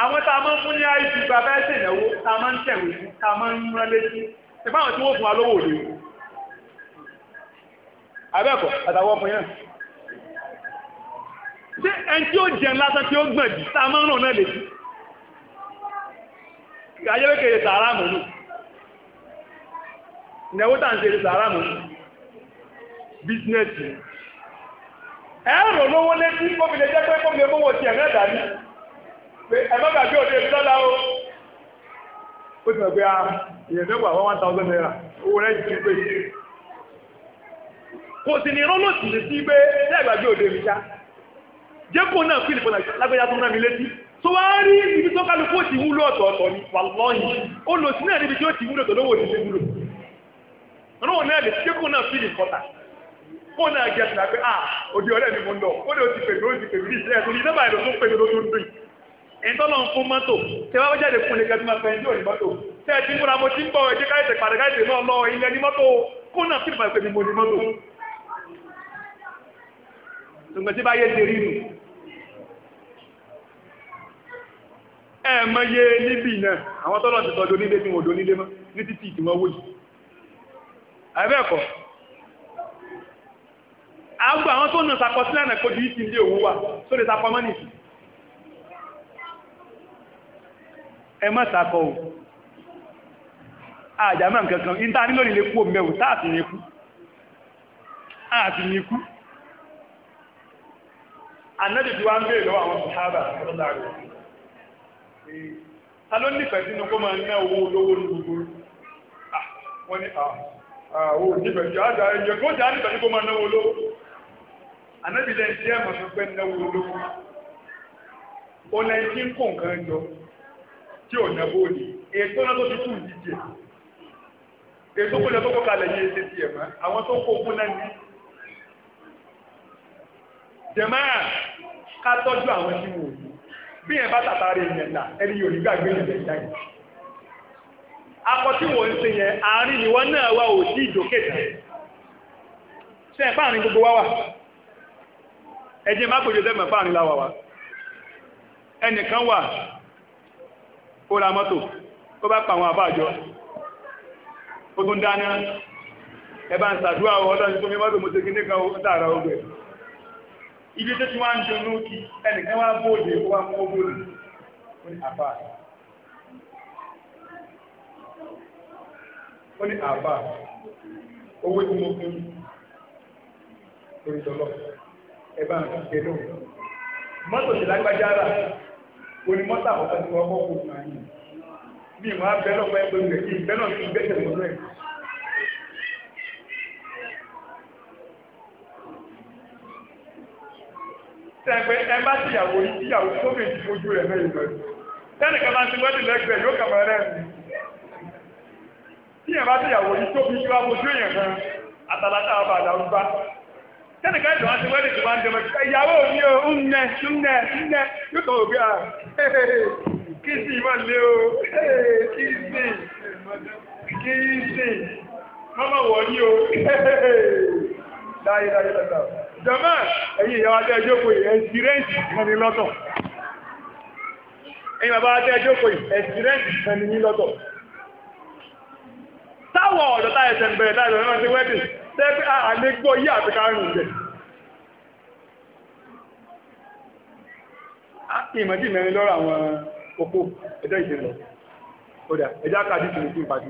àwọn tá a máa ń fún ní àìsí bàbá ẹ̀sìn ìnáwó tá a máa ń tẹ̀wé tá a máa ń rán létí ìbáwọn tí wọ́n fún wa lówó òde abẹ́ẹ̀kọ́ àtàwọn ọkùnrin náà ṣé ẹni tí ó jẹun lásán tí ó gbọ̀n jù tá a máa ń ràn náà lè jù ayẹ́wé kèrè sàárà mọ̀ nù ìnáwó tà ń ṣe sàárà mọ̀ nù bísínẹ́sì ẹ̀rọ lówó létí kóbìnrin jẹ́ pé kóbìnrin mọ́wọ́ tiẹ̀ náà dání pé ẹ̀fọ́ gàgbé òde ìtọ́lá o ó ti mọ̀ pé a ah, ìyẹn mẹ́wàá one thousand naira owó rẹ̀ ti pé kò sì ní rọ́lọ́ sì lè sí pé ní àgbàgbé òde mi já jẹ́kọ̀ọ́ náà fílì fún lágbẹ́já tó ń rán mi létí tó wá rí ibi tó kálukú ti wúlò ọ̀tọ̀ọ̀tọ̀ ni wàlọ́yìn ó lò sí náà níbi tí ó ti wúlò tọ̀lọ́wọ́ òsì ṣe wúlò rọ́ọ̀ náà lè jẹ́kọ̀ọ́ náà fílì kọta kó náà jẹ́ sí àpé ah òde ọ̀rẹ́ mi mo ń lọ ó lè ti pèmí ó ti pèmí ní ìṣẹ́ ẹ̀sùn ìdẹ́bà ẹ̀dọ̀ tó pèmí ló tó ń dùn ìtọ́lọ̀ ń fún mọ́tò tẹ wá jáde fún ilé kẹtùmá fẹ́ ní òní mọ́tò tẹ ẹ ti múra mo ti ń bọ̀ ẹ̀jẹ̀ káyọ̀tẹ̀ pàdé káyọ̀tẹ̀ náà lọ ìyẹn ní mọ́tò kó náà fílì pàpẹ́ mi mo ní mọ́tò ṣùgbọ́n tí bá yé ti rí nù ẹ mọ yé níbì náà àwọn tọ́lọ̀ ti tọ́jú onílé tí wọ́n do onílé mọ́ ní títí ìtìmọ̀ owó yìí àbẹ́ẹ̀kọ́ àgbà àwọn tó nà sàkọsílẹ̀ náà kojú yìí ti ń lé òun wà sórí sàkọmọ́ nìsí ẹ má sàkọ o àjàmọ́ nǹkan kan ìta nílò nílé kú òmẹ́wò táà sì ní kú ànábì tí wọ́n ń béèrè lọ́wọ́ àwọn sàhábà lọ́dà rẹ̀ ta ló nífẹ̀ẹ́ sínú kó máa ná owó olówó ní gbogbo wọ́n ní àwọn onífẹ̀ẹ́ sí àjà ẹ̀yẹ kó jà nífẹ̀ẹ́ sí kó máa náwó olówó ànábì lẹ́yìn tí ẹ̀ mọ̀ sọ pé náwó olówó ó lẹ́yìn tí ń kó nǹkan jọ tí ò náwó ni ètò náà tó ti kú ìdíje ètò kó lọ tó kó kalẹ̀ yìí ṣe tiẹ̀ mọ́ àwọn tó kó kú náà ní jẹ̀mọ́ ká tọ́jú àwọn tí wò bí yẹn bá tàtàrí ìyẹn là ẹni yóò ní gbàgbé ìyẹn ìyá yìí akọ tí wò ń ṣe yẹn àárín ìwọ náà wà ò sí ìdókè tán ṣe ẹ̀ fáàrin gbogbo wá wà ẹ̀jẹ̀ má gbòjò sẹ́gbọ̀n fáàrin láwà wà ẹnìkan wà ó ra mọ́tò ó bá pa àwọn àbájọ ogun dáná ẹ bá ń ṣàdúrà ọlọ́run tó mi mọ́tò mo ti kí níkan ó dára ogun ẹ̀ ibi tó ti máa ń jọ lókì ẹnìkan wá bóde kó wá mú owó lò ó ní àbá ó ní àbá owó tí mo fún oríṣọlọ ẹ bá ń gbé lóhùn mọ́tò sì lágbájá rà onímọ́tò àkọ́kọ́ tí wọ́n kọ́ kó fún àyè bí ìmọ̀ abẹ́ lọ́pọ̀ ẹgbẹ́ rẹ̀ kí ìgbẹ́ náà fi gbẹ́sẹ̀ mọ́tò sẹ́gbẹ́ ẹ bá ti yàwó yìí tí yàwó tó bèèrè ojú rẹ̀ mẹ́rin lọ. Tẹ́nì kan máa ti wẹ́dì lẹ́gbẹ̀ẹ́ yóò kàmọ́ rẹ̀ mi. Tí yẹn bá ti yàwó yìí tó bí kí wá mojú èèyàn kan, àtàlátà ọba àdàrú bá. Tẹ́nì kan ìdùnnà ti wẹ́dì tó máa ń dẹ̀mọ̀ kí ìyàwó mi ò ń nẹ, ń nẹ, ń nẹ, yóò tọ̀ òbí à. Ah, kí sì máa lé o, kí sì, kí sì, mọ́mọ́ wọ̀ ní o, dáyé dáyé lọ́dọ̀. jọmọ́ ẹ̀yìn ìyàwó adé ẹjọ́kò ẹ̀sìrẹ́ǹtì ìfẹ́ni lọ́tọ̀ ẹ̀yìn bàbá adé ẹjọ́kò ẹ̀sìrẹ́ǹtì ìfẹ́ni lọ́tọ̀ táwọn ọ̀dọ́ táyẹ̀ tẹ̀m̀bẹ̀rẹ̀ láìlọ́ ẹ̀rọ ti wẹ́dìn tẹ́fẹ́ ah, àlégbò yí àti kárùn jẹ ìmọ̀dí ah, mẹ́rin lọ́rọ̀ àwọn ẹjọ́ ẹjọ́ àkàdé ìṣẹ̀lẹ̀ ìpàdé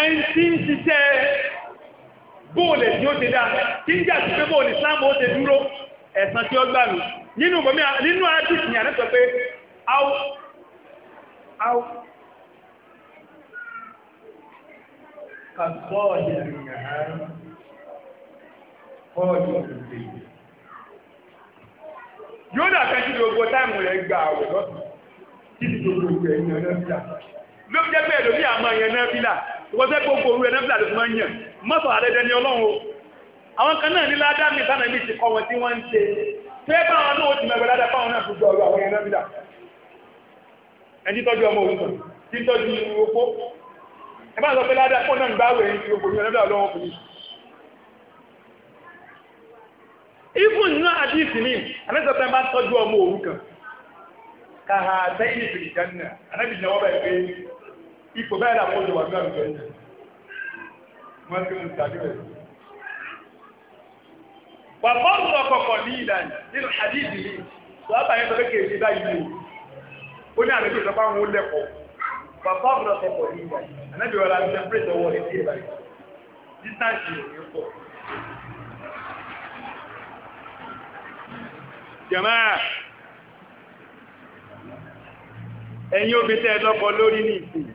ẹni tí ń bóòlù tí ó ti dá tí ń jà sí pé bóòlù sáàmù ó ti dúró ẹ̀sán tí ó gbà lù nínú bọ̀mí nínú àdìsí yàrá sọ pé áwù áwù kàgbọ́ọ̀lù ìrìnàrà yóò gbogbo táìmù rẹ̀ gbà lọ́sùn títí gbogbo ọ̀nà ló jẹ́ àmọ́ ìwọ́n tẹ́ gbogbo orú ẹ̀nẹ́fì àti ìfúnmọ́ yẹn mọ́tò àdẹ́dẹ́ ní ọlọ́run o àwọn kan náà ní ládàá sánà mi ti wọn tí wọ́n ń ṣe ṣé báwọn náà ó ti mẹ́gbẹ́ ládàá báwọn náà fi gbọ́ ọ̀rọ̀ àwọn yẹn náà ẹni tọ́jú ọmọ òun tí tọ́jú opó ẹ bá sọ pé ládàá pọ̀ náà ń ẹni tí opó yẹn lọ́dọ̀ ọlọ́run kò ní. ìfún nínú àdìsí ni àmẹ́sọ̀tẹ́ bá tọ́jú ọmọ òun kan kàhà bẹ́ẹ̀ ipò bẹ́ẹ̀ làwọn olùwà bí wọ́n gbẹ̀yìn wọ́n ti mú tàbí rẹ̀. bàbá ọ̀rọ̀ kọ̀kọ̀ ní ìlànà nínú àdìsí yìí wọ́n bá yẹn lọ́kẹ́ kéde báyìí ni ó ní àdébí ìjọba ń wọlé kọ bàbá ọ̀rọ̀ kọ̀kọ̀ ní ìlànà ànábì wọ́n la ń tẹ́pẹ́ ìdánwò rẹ̀ sí ẹ̀yin obìnrin tẹ́ ẹ lọ́kọ lórí ní ìsìn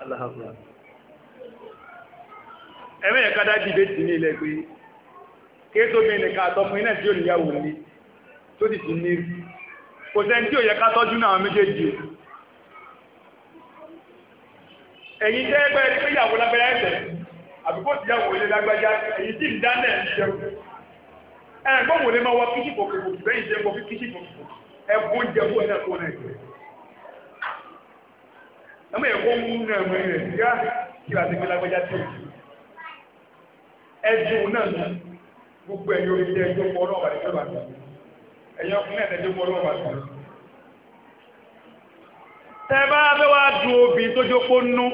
aláhàbùrà ẹ̀mí ẹ̀ka dá dìbè tì ní ilẹ̀ pé kéétó mi nìkan àtọkùnrin náà tí ò níyàwó ni tó sì ti ní kò sẹ́ni tí ò yẹ ká tọ́jú náà méjèèjì ẹ̀yin tẹ́ ẹgbẹ́ ẹni pé ìyàwó lágbájá ẹ̀sẹ̀ àbíkó ti yàwó ilé lágbájá ẹ̀yin tí ń dáná ẹ̀ ń jẹun ẹ̀ gbọ́n wò lè máa wá kíṣì pọ̀kìpọ̀kì bẹ́yìn jẹ́ pọ̀ kíṣì pọ̀kìpọ̀kì ẹ̀ bó ẹ̀ ẹmọ ẹ̀kọ́ ń mú náà mọ́ ilẹ̀ yá kí wàá ti fi lágbájá tó ẹjọ́ náà ní gbogbo ẹ̀yọ́ ilé ẹjọ́ pọ̀ ọlọ́wà ní ìjọba tó ẹ̀yọ́ fún náà ẹjọ́ pọ̀ ọlọ́wà tó. tẹ bá fẹ́ wá du obìnrin tó jókòó nú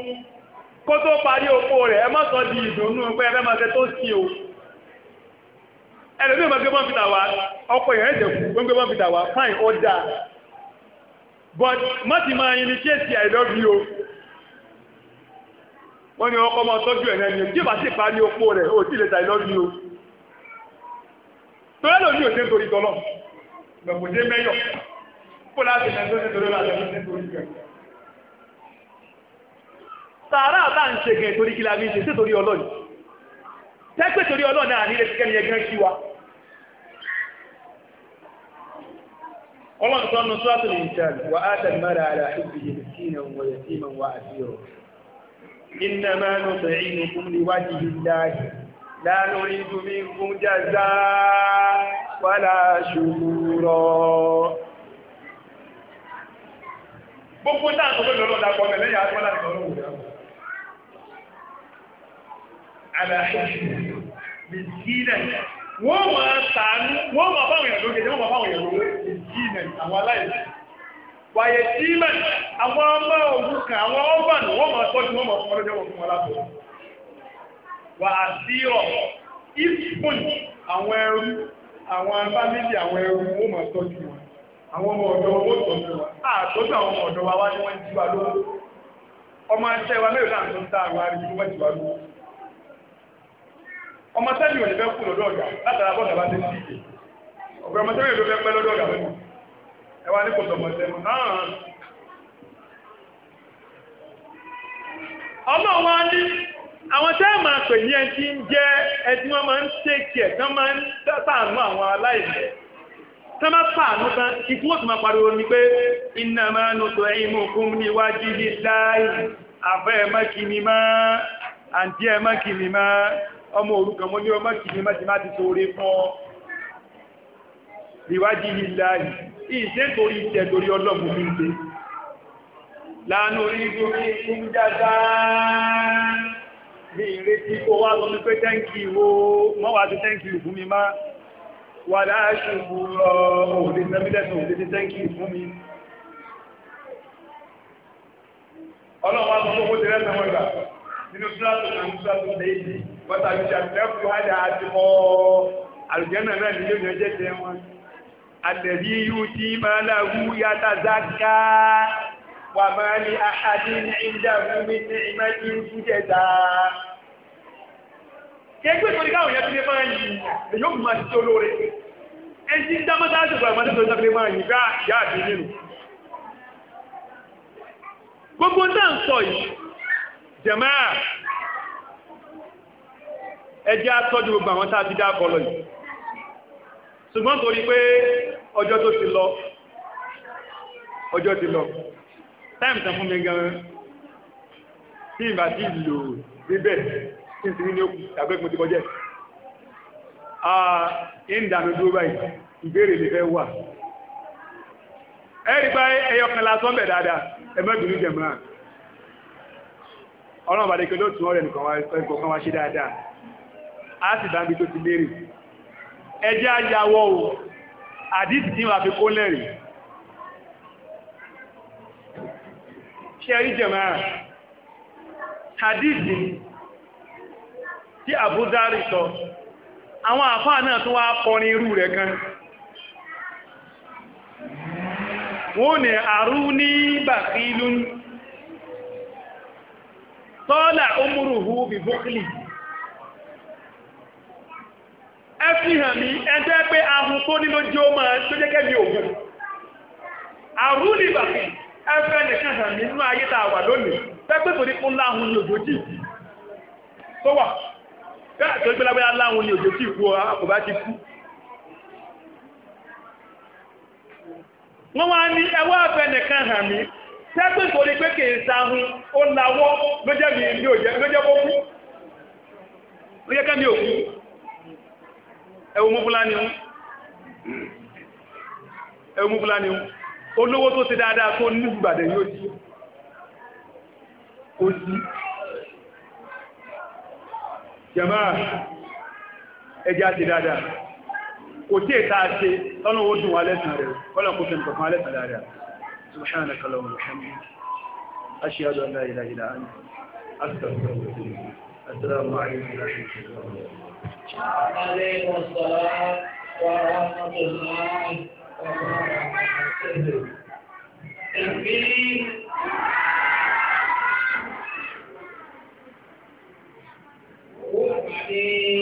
kó tó parí opó rẹ̀ ẹ má sọ di ìdùnnú pé ẹ fẹ́ máa fẹ́ tó sí o ẹlòmíràn máa gbé bọ́ǹfìtà wá ọkọ̀ ìrẹsẹ̀ kú gbé bọ́ǹfìtà wá fáìn ó but mọ́tì máa yin ni kéèsì àìlọ́bí o wọ́n ní ọkọ̀ ọmọ tọ́jú ẹ̀ náà ni tí bá sì parí opó rẹ̀ ó sì lè ta àìlọ́bí o torí ẹ̀lò ní òṣèlú torí tọ́lọ̀ gbẹ̀gbọ̀dé mẹ́yọ̀ kó láti ẹ̀ tó ní torí láti ẹ̀ tó ní torí rẹ̀ sàárà bá ń ṣe gẹ̀ torí kí la fi ṣe sí torí ọlọ́ọ̀ni tẹ́pẹ́ torí ọlọ́ọ̀ni àní lè fi kẹ́ni yẹn gẹ́ kí wa. ọlọ́run tó ń nu sọ́ọ̀tù ní ìtàn wà á tẹ̀ mẹ́ra ara ìbí yẹ̀mẹ̀kínà wọ̀ yẹ̀tìmọ̀ wà á sí ọ̀. إنما نطعمكم لوجه الله لا نريد منكم جزاء ولا شكورا gbogbo náà tó lọ́dọ̀ lọ́dọ̀ akọ ọ̀nà lẹ́yìn akọ́lá ní ọ̀rọ̀ òwúrọ̀ àbẹ̀ àṣẹṣù bìtìlẹ̀ wọ́n máa sàánú wọ́n máa bá àwọn èèyàn lóge wọ́n máa àwọn èèyàn àwọn aláìsí wàyè tíìmẹ̀ àwọn ọmọ ògùn kan àwọn ọ́bànù wọ́n máa tọ́jú wọ́n máa wọn fún wà á sí ọ̀ wọ́n ọmọ ọmọ sẹ́yìn ò ní fẹ́ kú lọ́dọ̀ ọ̀gá látara bọ́ọ̀gà bá ti ń dìde ọ̀gbẹ́ ọmọ sẹ́yìn ló fẹ́ pẹ́ lọ́dọ̀ ọ̀gá lẹ́nu ẹ wá ní kò sọ̀mọ̀ sẹ́yìn náà. ọlọ́run wa ní àwọn tẹ́ ẹ̀ máa pè ní ẹni tí ń jẹ́ ẹni tí wọ́n máa ń tẹ̀kì ẹ̀ tán máa ń sàánú àwọn aláìlẹ̀ tán máa sàánú tán kí tí wọ́n pariwo ni pé iná máa ń lọ ẹ̀yìn mọ̀kún níwájú yìí láì àfẹ́ ẹ̀ má kì ọmọ òrukàn mo ní ọmọ kìíní mẹ́tì má ti sóore fún ọ ìwádìí ìlà ìṣe torí ìṣẹ́ torí ọlọ́mù mi ń lánàá orí gbogbo ìkún jáde ní ìrètí kó wá lọ pé tẹ́ǹkì wo mọ́ wá sí tẹ́ǹkì fún mi má wà láṣùgbù òde sẹ́mílẹ́sùn òde sí tẹ́ǹkì fún mi ọlọ́run nínú fúlàtò náà ń fúlàtò léyìí bọ́tà mi ṣàfihàn hàdà àti mọ́ àlùjẹ́nà náà nílé ìyẹn jẹ́ jẹ́ wọn. àtẹ̀bí yóò ti máa láwù yàtà záká wà máa ní àhàdí ní ìjà fúnmi ní ìmájí fújẹ̀dá. kéèké tó ní káwọn yẹn ti lè máa yìí èyí ó mú àti tí olóore ẹni tí dámọ́tà àti ìgbà àmọ́tà tó ń sáfẹ́ máa yìí bá yáà dín nínú. gbogbo náà sọ yìí jàmáà ẹjẹ́ atọ́jú gbogbo àwọn tá a ti dáàbọ̀ lọ yìí ṣùgbọ́n torí pé ọjọ́ tó ti lọ ọjọ́ ti lọ táìmù tán fún mi gan-an tí ìgbà tí ìlò níbẹ̀ tí n ti ní ní òkú àgbẹ̀kùn ti bọ́jẹ́ ìdànù dúró báyìí ìbéèrè lè fẹ́ wà ẹ̀rí báyìí ẹyọkànlá sọ́ńbẹ̀ dáadáa ẹ̀mẹ́gbìnrin jẹ̀mọ́ náà ọlọ́run bá lékè lóòtú ọ̀rẹ́ nìkan wá ẹ̀kọ́ kan wá ṣe dáadáa á sì bá ibi tó ti lérè ẹjẹ́ ayàwọ̀ o àdìsí tí wàá fi kó lẹ́rì ṣe rí jẹ̀mọ́ àdìsí tí àbúzárì sọ àwọn àfáà náà tún wá kọrin irú rẹ̀ kan wọ́n ní àrú ní bàkílùn tọ́lá ọmúrùhù bìbókìlì ẹ fi hàn mí ẹjẹ́ pé ahun tó nílò jẹ́ ó máa tó jẹ́ kẹ́mi ògùn àrùlì bàbí ẹ fẹ́ nìkan hàn mí nínú ayé tá a wà lónìí pẹ́pẹ́ tó ní fún láhun ní òjòjì tó wà tó gbé lábẹ́ láhun ní òjòjì ìkú àkùbá ti kú wọ́n wá ní ẹwọ́ afẹ́ nìkan hàn mí sẹ́gbẹ̀ tó ní pé kì í sahun ó lawọ́ lójẹ́ mi ní òjẹ́ lójẹ́ bó kú lójẹ́ kẹ́mi òkú ẹ̀wù mú fúlàní ń ẹ̀wù mú fúlàní ń olówó tó ti dáadáa tó ní ìgbàdẹ̀ yóò jí ó jí jẹ̀mọ́ ẹja ti dáadáa kò tí ì ṣe tọ́nà ó dùn wa lẹ́sìn rẹ̀ kọ́lọ̀ kò fẹ́ nǹkan kan lẹ́sìn dáadáa. سبحانك اللهم وبحمدك أشهد أن لا إله إلا أنت أستغفرك السلام عليكم ورحمة الله وبركاته وعليكم السلام ورحمة الله وبركاته